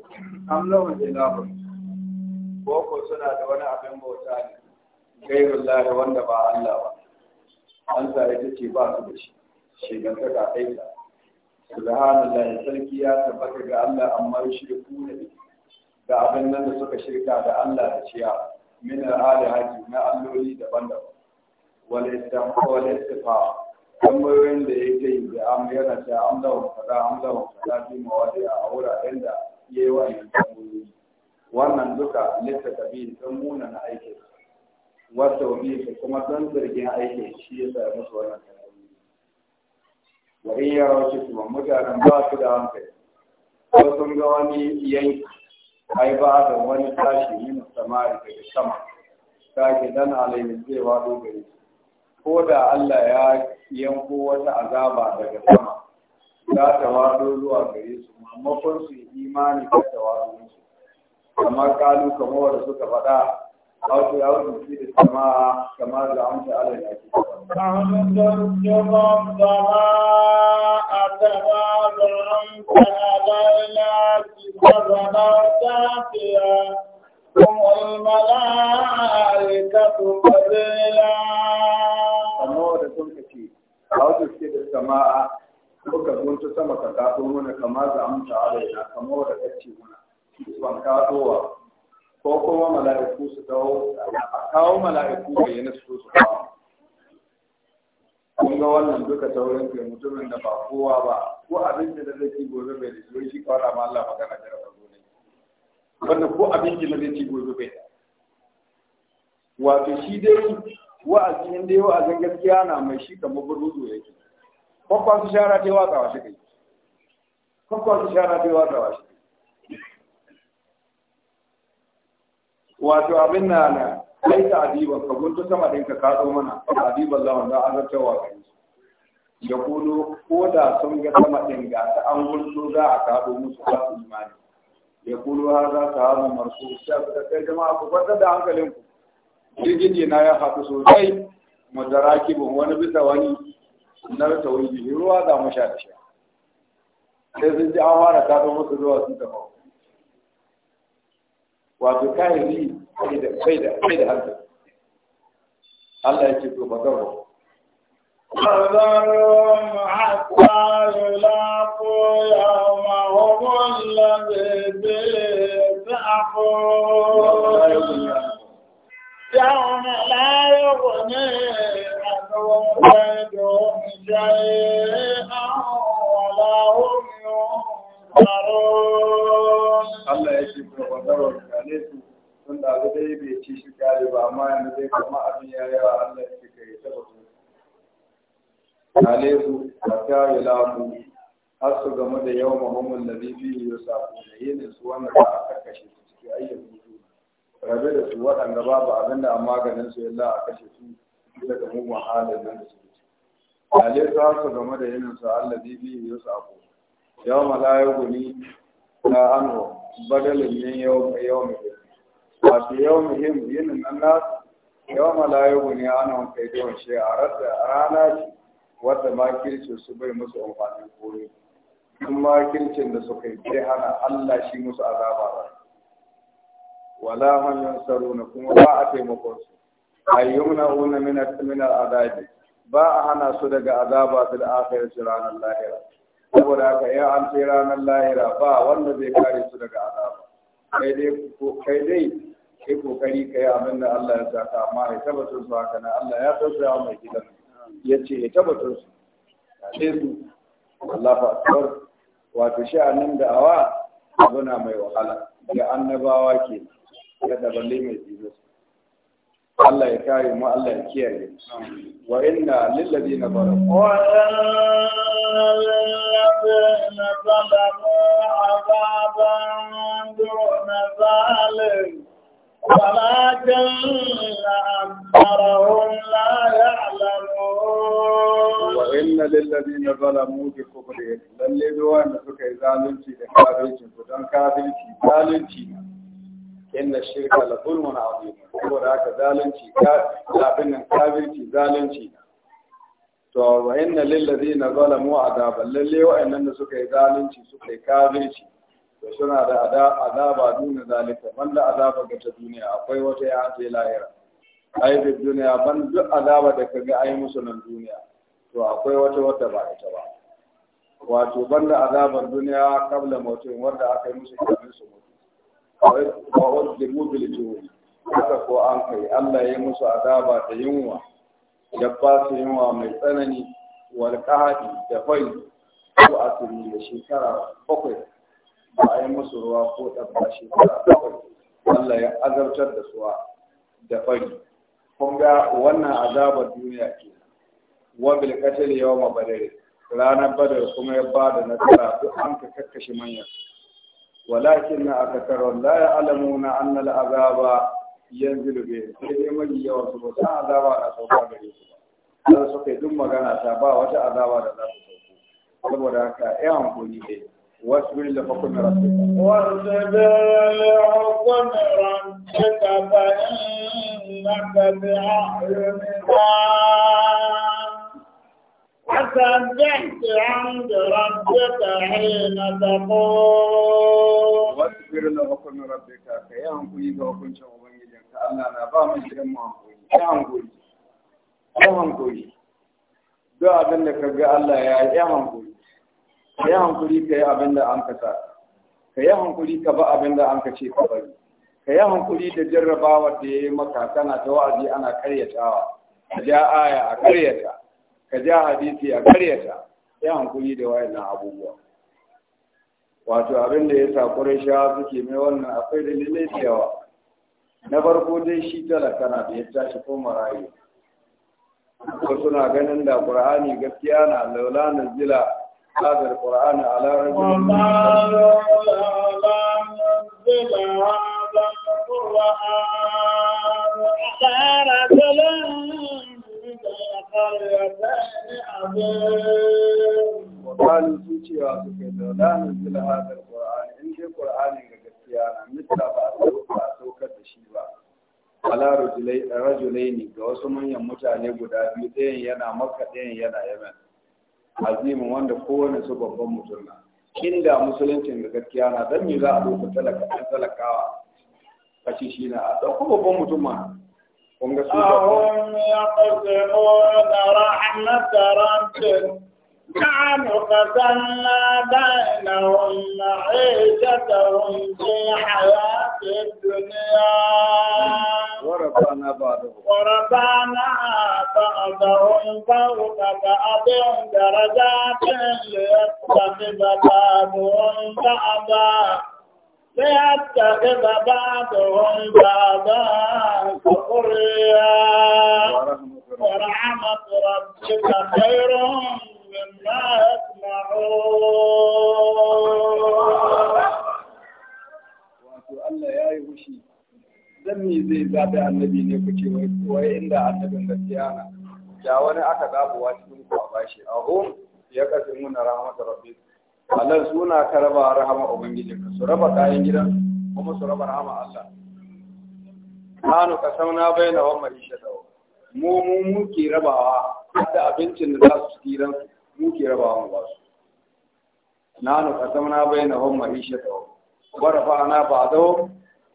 am lahum ilahun boko suna da wani abin bauta ne gairullahi wanda ba Allah ba an sa ta ce ba su da shi shegantaka aika subhanallahi sarki ya tabbata ga Allah amma shirku ne da abin nan da suka shirka da Allah da ciya min al-alihaji na alloli daban-daban wal istamfa wal istifa tambayoyin da yake yi da am yana ta amlawa kaza amlawa kaza bi mawadi a wuraren da ya yi wannan tambayoyi wannan duka littafi sun muna na aikin wata wabi kuma don zargin aikin shi ya sa musu wannan tambayoyi wa in yara shi kuma mutanen ba su da hankali ko sun ga wani yanki ai ba da wani tashi min samari daga sama Ta ke dan alayin zai wado gari. ko da Allah ya yanko wata azaba daga sama za ta wato zuwa gare su mamakon su imani ta ta wato musu kamar kalu kamar wanda suka faɗa auto ya wato fi da sama kamar da an ta ala ya ke kamar da sun ka ce auto da sama ko ka ta sama ka kaɗo mana an za ala alaina kamar wadda kacce mana ban kaɗowa ko kuma mala'iku su dawo a kawo mala'iku ga yana su su kawo kun ga wannan duka taurin kai mutumin da ba kowa ba ko abinci da zai ci gobe bai da shi shi kawara ma Allah magana da rabu ne wannan ko abinci da zai ci gobe bai da wato shi dai wa'azi inda yau a gaskiya na mai shi kamar burudu yake kwakwa su shara ta watsawa wasu kai kwakwa su shara ta watsawa shi wato abin na na kai ta adiban ka guntu sama din ka kaɗo mana zama za a an wa kai ya kudo ko da sun ga sama din ga ta an guntu za a kaɗo musu ba su imani ya kudo har za ta hamu marsu sai ka kai jama'a ku kwanta da hankalinku jirgin na ya haɗu sosai madarakibin wani bisa wani na rata wuri ruwa za mu da sha sai sun ji an fara tafi musu ruwa sun tafa wato kahiri bai da bai da bai da hankali Allah ya ce to ba ya فذرهم حتى يلاقوا يومهم الذي ya يوم لا يغني قوم لا bai ci shi kare amma yanzu kama abin ya yawa Allah ya cika su. a kare lamu har su gamu da yawan muhammad da bibi ya safu da yin su wanda za a karkashe su ciki ayyukan su. Rabe da su waɗanda babu abin da a maganin su yalla a kashe su daga mugun halin nan da suke ci alai za su game da yinin su Allah bi bi ya sako yau malayu guni la anhu badalin ne yau yau muhim wato yau muhim yinin nan nasu yau malayu guni anhu kai da shi a rasa rana ce wata makircin su bai musu amfanin koyo sun makircin da suka yi bai hana Allah shi musu azaba ba wala hanyar saro na kuma ba a taimakon su ayyumnahuna min min al'adabi ba a hana su daga azaba fil akhirati ranar lahira saboda ka ya an sai ranar lahira ba wanda zai kare su daga azaba kai dai kai dai kai kokari kai abin da Allah ya saka amma ya tabbatar su haka na Allah ya wa mai gidan ya ce ya tabbatar su ce su fa akbar wato sha'anin da'awa awa na mai wahala ga annabawa ke ya daballe mai jizo الله يكرم الله يكرم وإنا للذين ظلموا وإنا للذين ظلموا عذابا دون ذلك ولكن أكثرهم لا يعلمون وإن للذين ظلموا بكفرهم للذين سكي ذلك لكافرهم فدن inna shirka la zulmun azim saboda haka zalunci ka abin nan kafirci zalunci to wa inna lil ladina zalamu adaba lalle wa'annan da suka yi zalunci suka yi kafirci to suna da azaba duna zalika banda azaba ga ta duniya akwai wata ya ta lahira ai da duniya ban duk azaba da kaga ai musu nan duniya to akwai wata wata ba ita ba wato banda azabar duniya kabla mutum wanda aka yi musu kafin su mutu wa uzzimu bil aka ko an kai Allah ya musu azaba da yunwa ya ba su yunwa mai tsanani wal da fai ko turi da shekara bakwai ba a yi musu ruwa ko ɗabba shekara bakwai Allah ya azabtar da suwa da fari kun wannan azabar duniya ke wa bil qatl yawma badr ranar badar kuma ya bada nasara duk an ka kakkashi manyan walakin na akasar la ya'lamuna anna al'azaba yanzilu bi sai dai mai yawa su ba san azaba na sauka gare su ba sai suka yi duk magana ta ba wata azaba da za su sauko saboda haka ai hankali dai واصبر لحكم ربك واصبر لحكم ربك فإنك بأعيننا فسبح بحمد ربك حين تقوم واصبر لحكم ربك كي أنقذ وكنت أبنجيك أنا أنا بام جرم أنقذ يا أنقذ duk abin da ka ga Allah ya yi hankuri ka yi hankuri ka yi abin an ka ka yi hankuri ka ba abin da an ka ce ka bari ka da jarrabawa da ya maka kana ta wa'azi ana karyatawa ja aya a karyata ka ja hadisi a karyata ya hankuli da na abubuwa wato abin da ya sa ƙurayshawa suke mai wannan akwai dalilai da yawa na farko dai shi talaka na da ya tashi ko marayu ko suna ganin da qur'ani gaskiya na laula nazila هذا القرآن qurani رجل وما وقالوا سوتي واسوكي لا نزل هذا القرآن إن دي قرآن غسيانا مثل فأسوكا تشيبا ala rajulai ne ga wasu manyan mutane guda biyu ɗayan yana makka ɗayan yana yamen azimin wanda kowane su babban mutum na inda musuluncin da gaskiya na dan me za a ɗauka talakawa kashi shi na a ɗauko babban mutum ma kun ga su da hum yaqsimuna rahmat rabbihim كانوا قتلنا بينهم معيشتهم في الحياة الدنيا ورفعنا بعضهم ورفعنا بعضهم فوق بعض درجات ليتخذ بعضهم بعضا ليتخذ بعضهم بعضا سخريا ورحمة ربك خير مما يسمعون Allah ya yi fushi zai zaɓi annabi ne kuke wai kuwa inda annabin da na ya wani aka zabuwa cikin ku bashi a ya kasu muna rahmatar rabbika Allah suna ka raba rahama ka su raba kayan gidan kuma su raba rahama Allah kanu kasamna baina wa ma'ishata mu mu muke rabawa da abincin da za su ci ran muke rabawa mu ba su nanu kasamna baina wa ma'ishata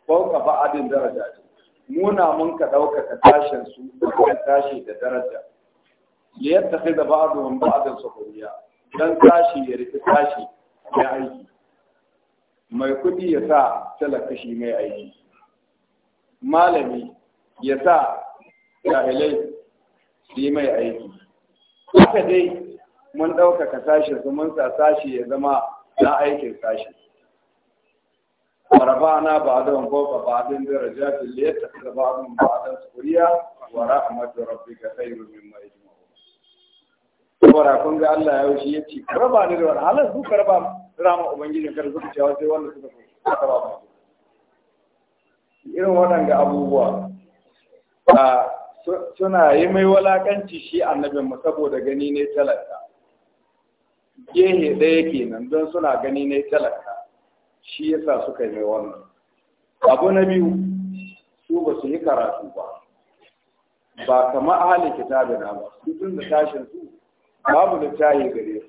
wa ka ba adin daraja Mu muna mun ka ɗaukaka tashin su da tashi da daraja liyattakhidha ba'dhum ba'adun sukhriya dan tashi ya rufe tashi ya aiki mai kudi ya sa shi mai aiki malami ya sa jahilai su yi mai aiki haka dai mun ɗaukaka sashe su mun sa sashi ya zama na aikin sashi farfa na ba a don kofa ba a da ya tafi da ba a ba a kuriya wa rahmatu rabbi ka sai rumin saboda kun ga Allah ya wuce ya ce raba ni da wani halar su karba rama ubangiji kar su cewa sai wanda suka karba ba irin waɗanda abubuwa suna yi mai walakanci shi annabin mu saboda gani ne talaka gehe ɗaya kenan don suna gani ne talaka shi yasa suka yi mai wannan abu na biyu su ba su yi karatu ba ba kama ahalin kitabina ba su tun da tashin su babu littafi gare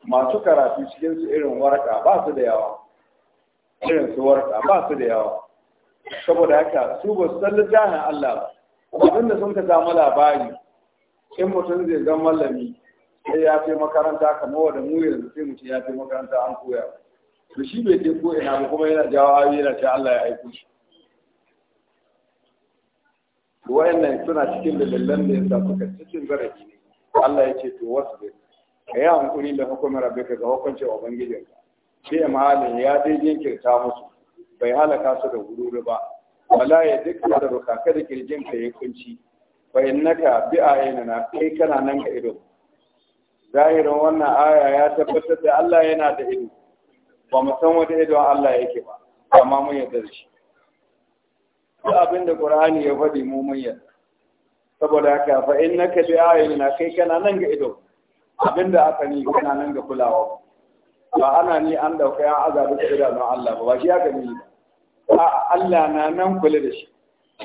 su masu karatu cikin su irin warka ba su da yawa irin su warka ba su da yawa saboda haka su ba su san littafin Allah ba da sun ka samu labari in mutum zai zan mallami sai ya fi makaranta kamar wanda mu yanzu sai mutum ya fi makaranta an koya to shi bai je ko ina ba kuma yana jawo ayoyi yana ce Allah ya aiko shi wayannan suna cikin dalilan da yasa suka cikin zarafi ne Allah ya ce to wasbir ka yi hankuri da hukumar ka ga hukuncin ka. sai mahalin ya dai jinkirta musu bai halaka su da wuri-wuri ba wala ya duk da ruka kada kirjin ka yi kunci fa innaka bi ayyana kai kana nan ga ido zahirin wannan aya ya tabbatar da Allah yana da ido ba mu san wata ido Allah yake ba amma mun yarda da shi duk abin da Qur'ani ya faɗi mu mun yarda saboda haka fa innaka bi ayina kai kana nan ga ido abinda aka ni kana nan ga kulawa ba ana ni an dauka ya azabi da idanun Allah ba shi aka ni ba a Allah na nan kula da shi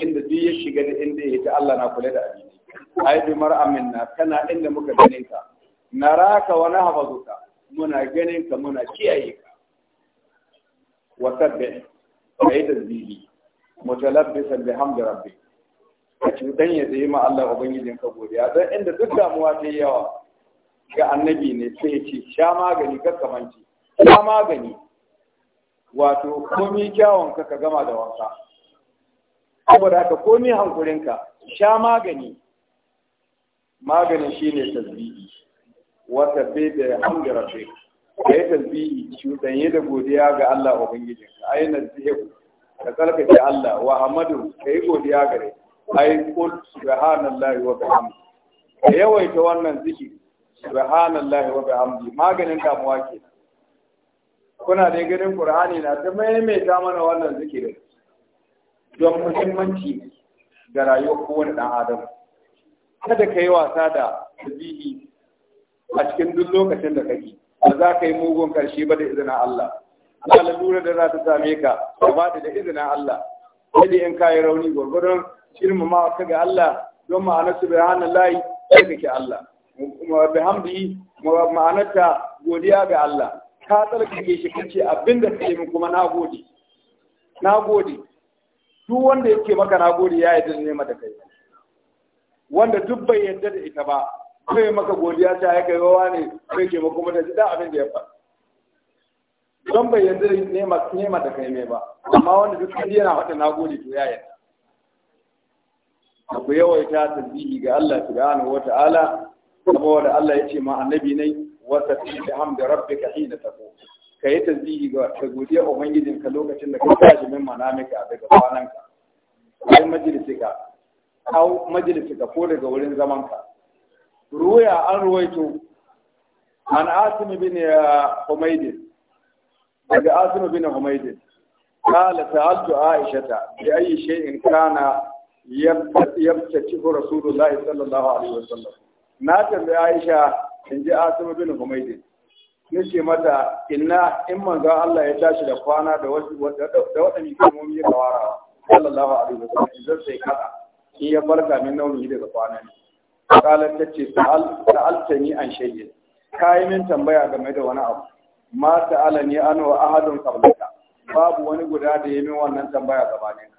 inda duk ya shiga da inda ya ta Allah na kula da abin ai bi mar'amin na kana inda muka ganin ka naraka wa nahfazuka muna ganin ka muna kiyaye ka wa sabbi ayi tasbihi mutalabbisan bihamdi rabbika ka dan ya zai ma Allah Ubangijin ka godiya don inda duk damuwa ta yawa ga annabi ne sai ya ce sha magani ka kamanci sha magani wato komi kyawun ka ka gama da wanka saboda haka komi hankulinka sha magani maganin shine tasbihi wa tabbata hamdu rabbika kai tasbihi cuɗanye da godiya ga Allah Ka ayyana zihu ka tsarkake Allah wa ka kai godiya gare ai kul subhanallahi wa bihamdi ka yawaita wannan zikiri subhanallahi wa bihamdi maganin kamuwa ke kuna da ganin qur'ani na ta maimaita mana wannan zikirin don muhimmanci ga rayuwar kowane dan adam kada ka yi wasa da tabihi a cikin duk lokacin da kake ba za ka yi mugun karshe ba da izinin Allah Allah lura da za ta same ka ba da izinin Allah sai in ka yi rauni gwargwadon ma ka ga Allah don ma'ana subhanallahi tsarkake Allah kuma wa ma'ana ma'anarta godiya ga Allah ka tsarkake shi kace abinda kake min kuma na gode na gode duk wanda yake maka na gode ya yi dinne nema da kai wanda duk bai yarda da ita ba kai maka godiya ta ya kai wawa ne kai ke maka kuma da ji abin da ya faru don bai yarda da nema nema da kai mai ba amma wanda duk kai yana faɗa na gode to ya yarda ku yawaita tasbihi ga Allah subhanahu kuma saboda Allah ya ce ma annabi ne wa tasbihi hamdi rabbika hina taqum kai tasbihi ga ka godiya ubangijin ka lokacin da ka tashi min manamika daga kwanan ka ai ka au ka ko daga wurin zaman ka ruya an ruwaito an asimi bin uh, humayd daga asimi bin humayd قال سألت عائشة بأي شيء كان yabtaci ko rasulullahi sallallahu alaihi wasallam na tambaya aisha in ji asima bin humaydin nace mata inna in manzo Allah ya tashi da kwana da wasu da wadannan kalmomi ya kawara sallallahu alaihi wasallam in zai kada in ya farka min nauni daga kwana ne kalar ta ce tani an shayye kai min tambaya game da wani abu ma ta'ala ni an wa ahadun qablaka babu wani guda da ya wannan tambaya gabanin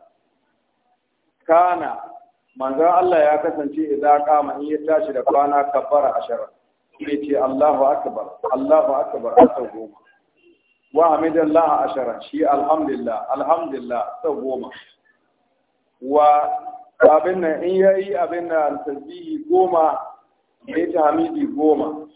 kana manzon Allah ya kasance idan kama in ya tashi da kwana kabbara ashara sai ce Allahu akbar Allahu akbar sau goma wa hamidallah ashara shi alhamdulillah alhamdulillah sau goma wa abin nan in yayi abin nan tasbihi goma ta tahmidi goma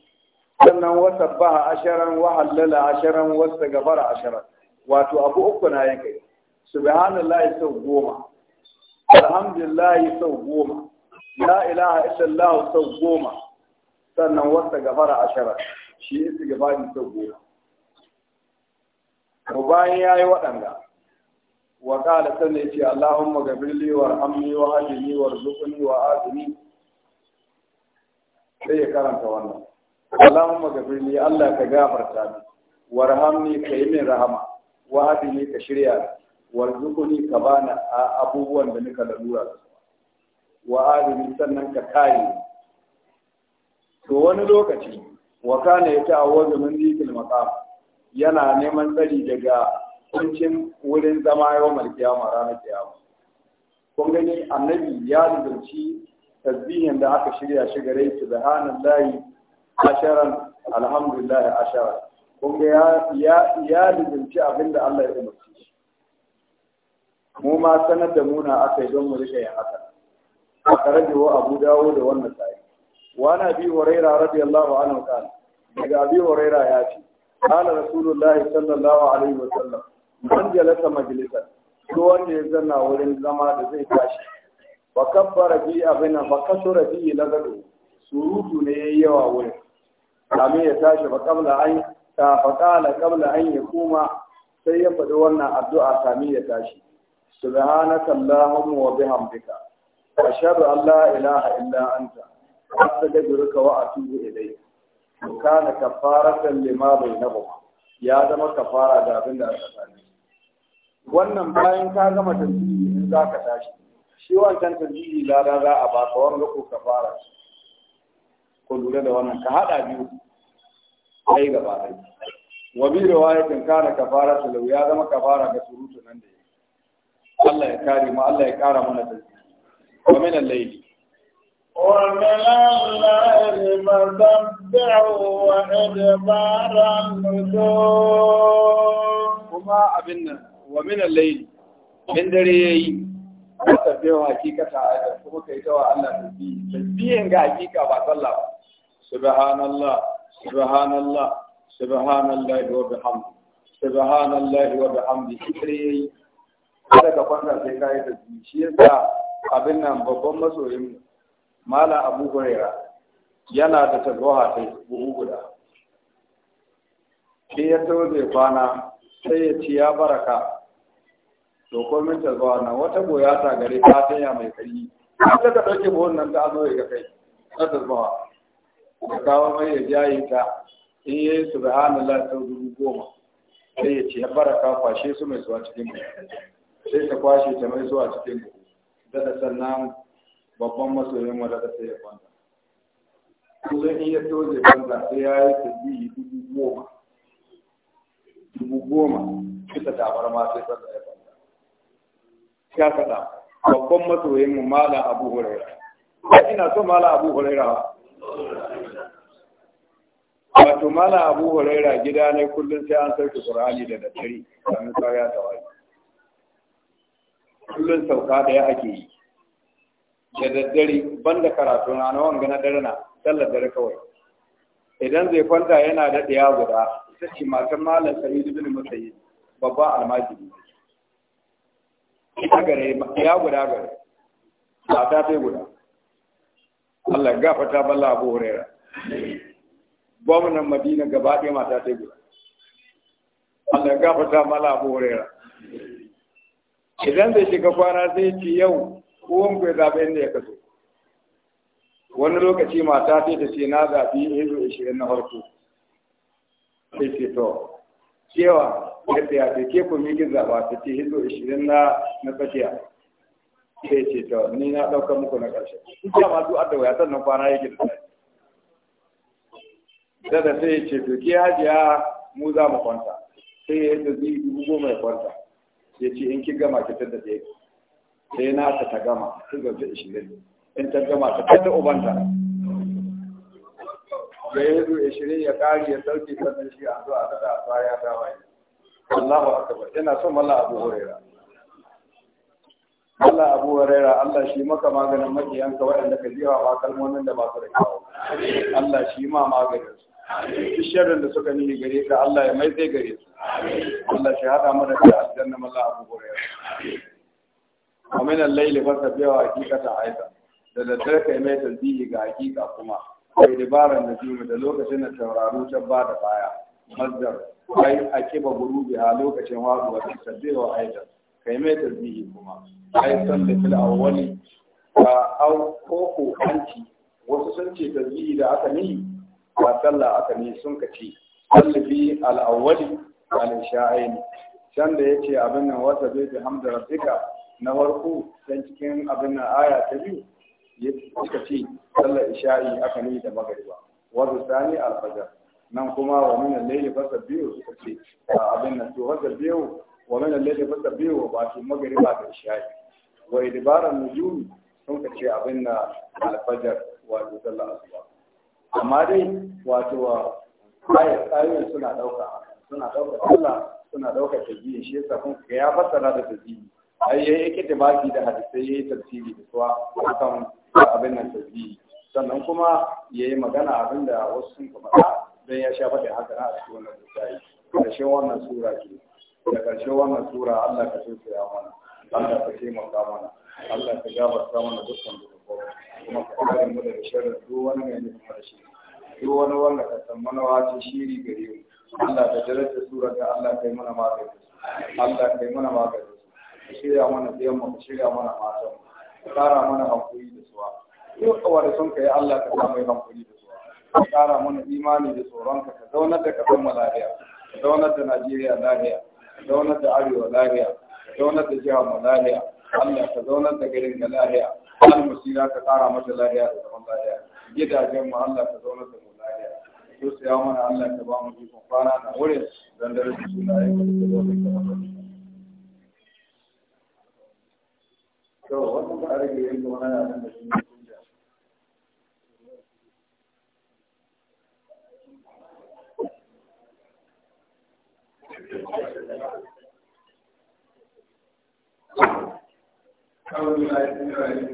sannan wasa baha asharan wa hallala asharan wasa gabara asharan wato abu uku na yake subhanallahi sau goma alhamdulillah sau goma la ilaha illallah sau goma sannan wata gabara ashara shi isi gabani sau goma ko bayan yayi waɗanda wa qala sanne ce allahumma gabirli warhamni wa wa warzuqni wa azini sai ya karanta wannan allahumma gabirli allah ka gafarta ni warhamni ka yi min rahama wa hadini ka shirya warzuquni ka bani abubuwan da nika lalura da su wa adini sannan ka kare to wani lokaci wa kana wajen min dhikil maqam yana neman tsari daga kuncin wurin zama yau malkiyama ranar kiyama kun gani annabi ya rubuci tasbihin da aka shirya shi gare shi layi asharan alhamdulillah asharan kun ga ya ya rubuci abinda Allah ya umarci shi mu ma sanar da muna aka yi don mu rike yin haka aka rage wa abu dawo da wannan sa'i wa na bi huraira radiyallahu anhu kan daga bi huraira ya ce qala rasulullahi sallallahu alaihi wa sallam man jalasa majlisan to wanda ya zanna wurin zama da zai tashi wa kabbara bi abina fa kasura bi lagadu surutu ne yayi yawa wurin kamin ya tashi fa qabla an ta fa qala qabla an yakuma sai ya faɗi wannan addu'a kamin ya tashi subhanaka allahumma wa bihamdika ashhadu an la ilaha illa anta astaghfiruka wa atubu ilayk kana kafaratan lima bainahuma ya zama kafara ga abin da aka wannan bayan ka gama tasbihi in za ka tashi shi wancan tasbihi lada za a baka wanga ko kafara ko lura da wannan ka hada biyu kai gaba ɗaya wa bi riwayatin kana kafaratu law ya zama kafara ga surutu nan da الله يكرم الله يكرم ومن الليل ومن الليل فسبحوا وإدبار النجوم وما أبن ومن الليل من دريي فسبحوا حقيقة ثم كيتوا الله تسبيحين حقيقة بعد الله سبحان الله سبحان الله سبحان الله وبحمده سبحان الله وبحمده kada ka kwanta sai ka yi tasbihi shi yasa abin nan babban masoyin mala abu huraira yana da tazawa ta buhu guda sai ya tawo zai kwana sai ya ci ya baraka to komin tazawa nan wata goya ta gare ta tanya mai kari kada ka dauke buhun nan ta zo ya kai na tazawa ka kawo mai ya jaye ta in yi subhanallah ta dubu goma sai ya ci ya baraka kwashe su mai suwa cikin mai sai ta kwashe ta mai zuwa cikin buhu daga sannan babban masoyin wa ta sai ya kwanta kullum in ya toze kwanta sai ya yi tasbihi dubu goma dubu goma bisa tabar ma sai kwanta ya kwanta ya kaɗa babban masoyin mu mala abu huraira ina so mala abu huraira wato mala abu huraira gida ne kullum sai an sauke kurani da daddare kamar sa ya tawaye kullum sauka da ya ake yi da daddare da karatu na na wanga na dare na sallar dare kawai idan zai kwanta yana da ya guda ita ce matan malam sa'idu bin musayi babban almajiri ita gare Ya guda gare mata ta guda Allah gafata balla abu huraira gwamnan madina gaba ɗaya mata ta guda Allah gafata mala abu huraira idan zai shiga kwana zai ce yau ko ku ya zaɓi inda ya kaso wani lokaci mata sai ta ce na zaɓi hizo ishirin na farko sai ce to cewa yadda ya ce ke ku miki zaɓa ta ce hizo ishirin na na tsakiya sai ce to ni na ɗaukar muku na ƙarshe ita masu adda ya sannan kwana yake da tsaye. da sai ce to ke hajiya mu za mu kwanta sai ya yi da zai dubu goma ya kwanta ya ce in ki gama ki tunda da yake sai na ta ta gama ta ishe ishirin in ta gama ta kada ubanta ya yi ya shirin ya kari ya sauke sannan shi a zo a tada a baya ta waye Allahu akbar yana son mallah Abu Huraira Allah Abu Huraira Allah shi maka maganin makiyanka waɗanda ka jiwa ba kalmomin da ba su da kyau Allah shi ma maganin su duk da suka nuni gare ka Allah ya mai zai gare su Allah shi hada mana da aljanna malla abu hurairah wa min al-layli fasabiha haqiqata aida da daddare kai mai tasbihi ga hakika kuma kai dabaran da jimu da lokacin da tauraro ta ba da baya mazdar kai akiba gurubi a lokacin wazuwa ta sabbewa aida kai mai tasbihi kuma kai san da fil awwali ka au ko anti wasu sun ce tasbihi da aka nihi ba sallah aka ne sun ka ce sallafi al'awwali al-sha'aini can da yace abin nan wata bai bi hamda rabbika na farko can cikin abin nan aya ta biyu ya suka ce sallar isha'i aka ne da magariba wata sani al-fajar nan kuma wa suka ce abin nan to wa ba magariba da isha'i wa sun ka ce abin nan al-fajar wa sallar asuba amma dai wato ayat ayoyin suna ɗauka suna ɗauka tsalla suna ɗauka biyu shi yasa kun ga ya fassara da tajiyi ai yayi yake da baki da hadisai yayi tafsiri da suwa kan abin nan tajiyi sannan kuma yayi magana abin da wasu sun kuma don ya sha faɗin haka a cikin wannan misali karshen wannan sura ke da karshe wannan sura Allah ka tsaya mana Allah ka taimaka mana Allah ka gabata mana dukkan kuma ka kare mu daga sharrin duk wani mai nufin harshe duk wani wanda ka san manawa ce shiri gare mu Allah da ta sura ta Allah kai mana magani Allah kai mana magani ka shirya mana biyan mu ka shirya mana matan ka kara mana hankuri da suwa duk wanda sun kai Allah ka sa mai hankuri da suwa ka kara mana imani da tsoronka. ka zaunar da kasan mu lafiya ka zaunar da Najeriya lafiya ka zaunar da Arewa lafiya ka zaunar da jihar mu lafiya Allah ka zaunar da garin ka lafiya Allah wasila ka kara mata lahiya da zaman lahiya gidajen mu Allah ka zauna da mu lahiya to sai ya mana Allah ka ba mu ikon kwana na wurin dan dare su sunaye ka da wannan kamar to wannan da arge yin da wannan nan da shi Thank you.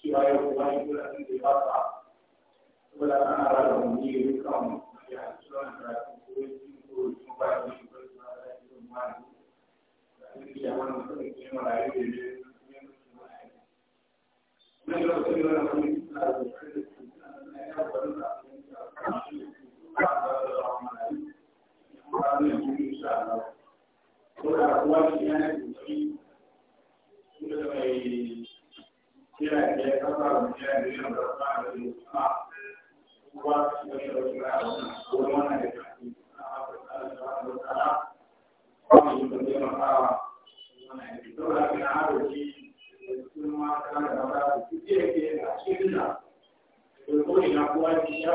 去年有五万一个人，对吧？为了看他的红利，就靠我们这样，基本上进步，加快我们国家在一种发展。这个钱呢，这个钱的来源，那个钱呢，他就是每天我都打，就是刚需，干嘛们来，他们已经预算了，为了国家今年因为。kiyaye kasa da kiyaye da da ne na ne a a cikin da ko ina kuwa ki ya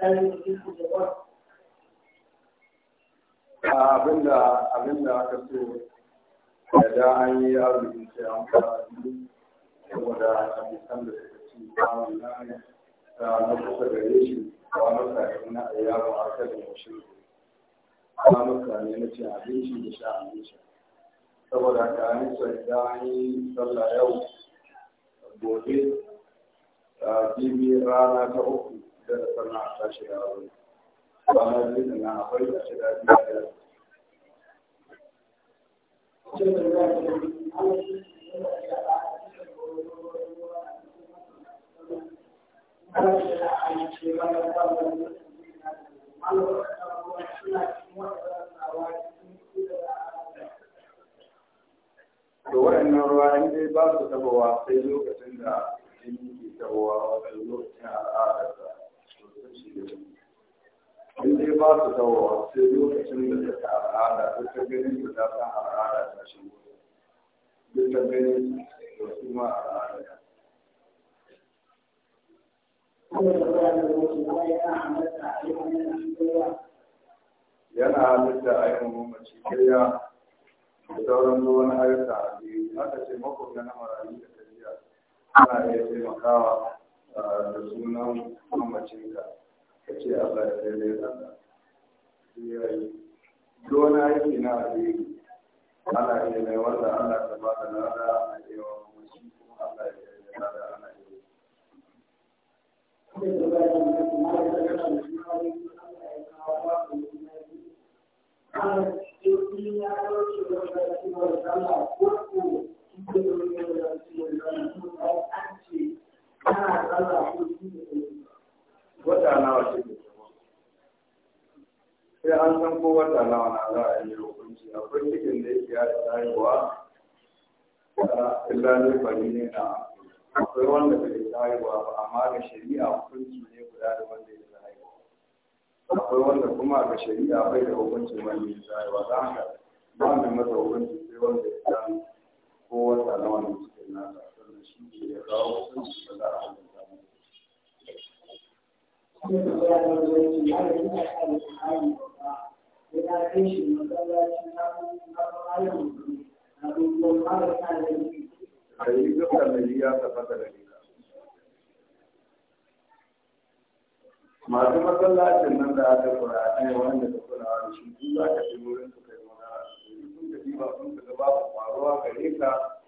abinda abinda aka so da an yi yaro arziki sai an fara saboda hadisan da suka ci samun nan na kusa gare shi ba mutane na ayyawa a kan yaushe ba mutane na cin abinci da sha abinci saboda ka an so da an yi sallah yau gobe a bibi rana ta uku da sannan a tashi da wani kwana biyu da na akwai da shi da biyu da shi. da waɗannan ruwa in dai ba su tabowa sai lokacin da jini ke tabowa wato lokacin al'adarsa in dai ba su dawowa sai lokacin da ta al'ada ta ta ganin da ta san al'ada ta shigo duk ta ganin da su ma al'ada ya yana halitta a yin mamaci kariya da sauran wani harita a biyu aka ce makwabta na marayu da kariya ana iya taimakawa ah, da sunan mamacinka ka ce a ba da dai Allah yayi don aiki na alheri ana yi mai wanda ana ta ba da lada ana yi wa kuma shi ana yi da lada ana yi nawa ce sai an san ko wata nawa na za a yi hukunci akwai cikin da yake ya da haihuwa da ilalin bari ne na akwai wanda bai da haihuwa ba amma ga shari'a hukunci ne guda da wanda ya da haihuwa akwai wanda kuma ga shari'a bai da hukunci wanda ya da haihuwa don haka ba mai masa hukunci sai wanda ya san ko wata nawa ne cikin nasa sannan shi ne ya kawo hukunci da za a haihuwa masu masallacin nan da aka kura ne wanda da kulawa da shi duk za ka fi wurin su kai magana sun ka diba sun ka gaba faruwa gare ka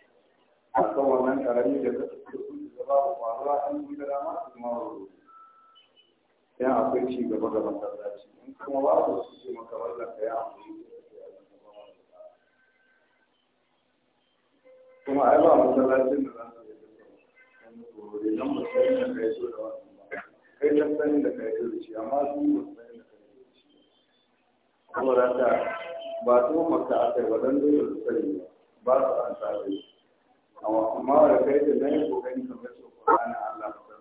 a kan wannan karami da ka fi sun ka gaba faruwa an gudana masu kuma wuri sai akwai ci gaba ga masallaci in kuma ba su ce maka wannan ka yi amfani kuma ai ba masallacin da za su yi da kuma idan mutum da kai so da wannan ba kai ta sani da kai so da shi amma su ba su da kai so da shi kuma da ta ba su maka a kai wadan dole su sani ba ba su an sa amma da kai da nan ko kai kamar mace ko ana Allah ka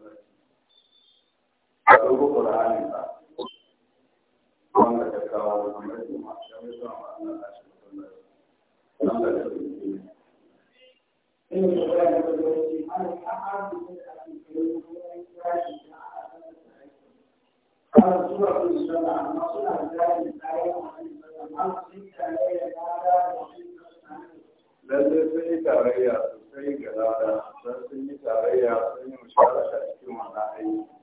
a nan da da a hannun da ake kai a hannun da ake. Ana zuwa suna kayan yi tarayya na da lallai sun yi tarayya sosai ga lada sun yi tarayya sun yi musharaka cikin wannan aiki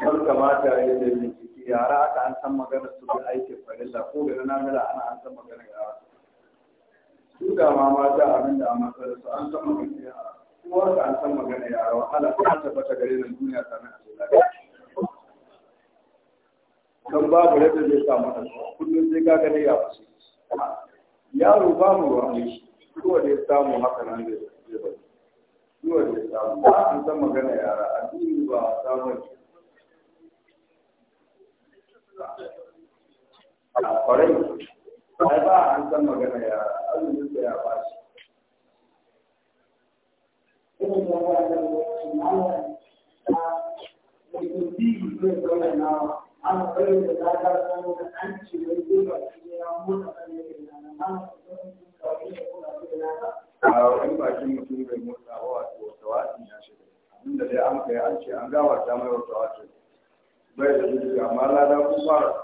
don kamata ya da bincike yara aka an san magana su da aikin farilla ko da na mila ana an san magana yara su da ma mata abin da a matsalar su an san magana yara kuma da an san magana yara wahala ko an tabbata gare nan duniya ta a ce lafiya don babu yadda zai samu da kullum sai ka gane ya wasu yaro ba mu ba ne kuwa da ya samu haka nan zai zai ba kowa da ya samu ba an san magana yara duniya ba samun a kwarai ai ba an san magana ya azumin da ya ba shi irin da ya da wani malam a mutum zai zauna na an kwarai da ta ta samu an ce wai zai ba shi ya mota kan yake na na malam a wani bakin mutum bai motsa wa wato wasu wasu ya shiga abinda dai an kai an ce an gawa ta mai wasu wasu bai da zuciya amma lada kun fara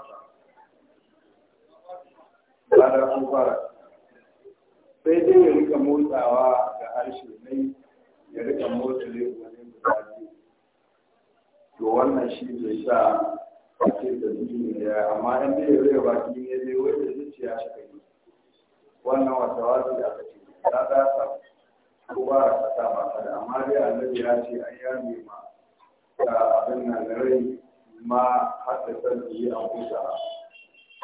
lada fara sai dai ya rika motsawa da harshe ne ya rika mota ne wani to wannan shi zai sa a ce da zuciya ya amma in dai baki ne dai wai da zuciya shi kai wannan wata wasu da aka ce ta dasa ko ba ka amma dai annabi ya ce an yami ma abin nan rai ma haddasa yi a kusa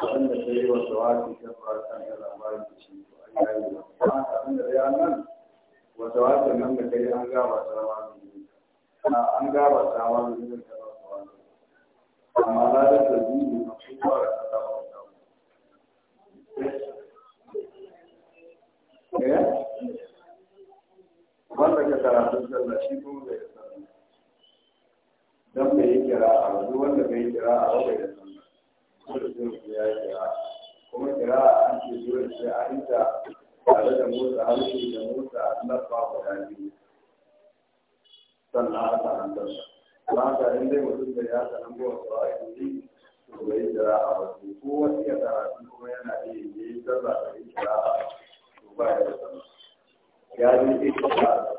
abinda ta yi wa tawasi ta fara kan da labarin da shi to an yi ba abinda ta yi nan wa tawasi nan da yi an gaba ta wa an gaba ta wa da ta wa amma la da ta yi ne a kusa da ta wa eh wanda ka karatu sallah shi kuma bai sallah dan bai kira'a a duk wanda bai kira'a a bai da sallah dole sai ya yi kuma kira'a an ce dole sai a yi tare da motsa harshe da motsa lafa guda biyu sannan a sanar da shi ba ka in dai mutum da ya sanar ba wasu a yi to bai jira a wasu ko wani ya karatu kuma yana iya yi sallah da yi kira a to ba ya da sallah ya yi ita da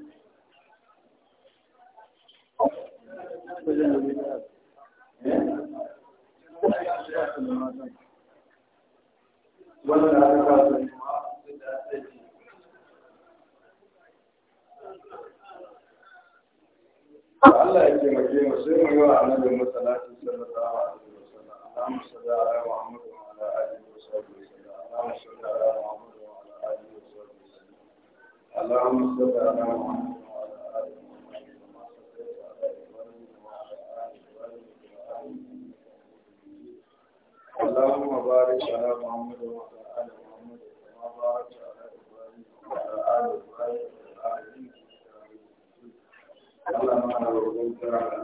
Allah ya taimake mu sai mu yi wa annabi masallatu sallallahu alaihi wasallam Allahumma salli ala Muhammad wa ala alihi wa sahbihi sallam Allahumma salli ala Muhammad wa ala alihi wa sahbihi sallam Allahumma salli ala Muhammad اللهم بارك على محمد وعلى آل محمد كما باركت على إبراهيم وعلى آل إبراهيم في العالمين اللهم أنا ربك على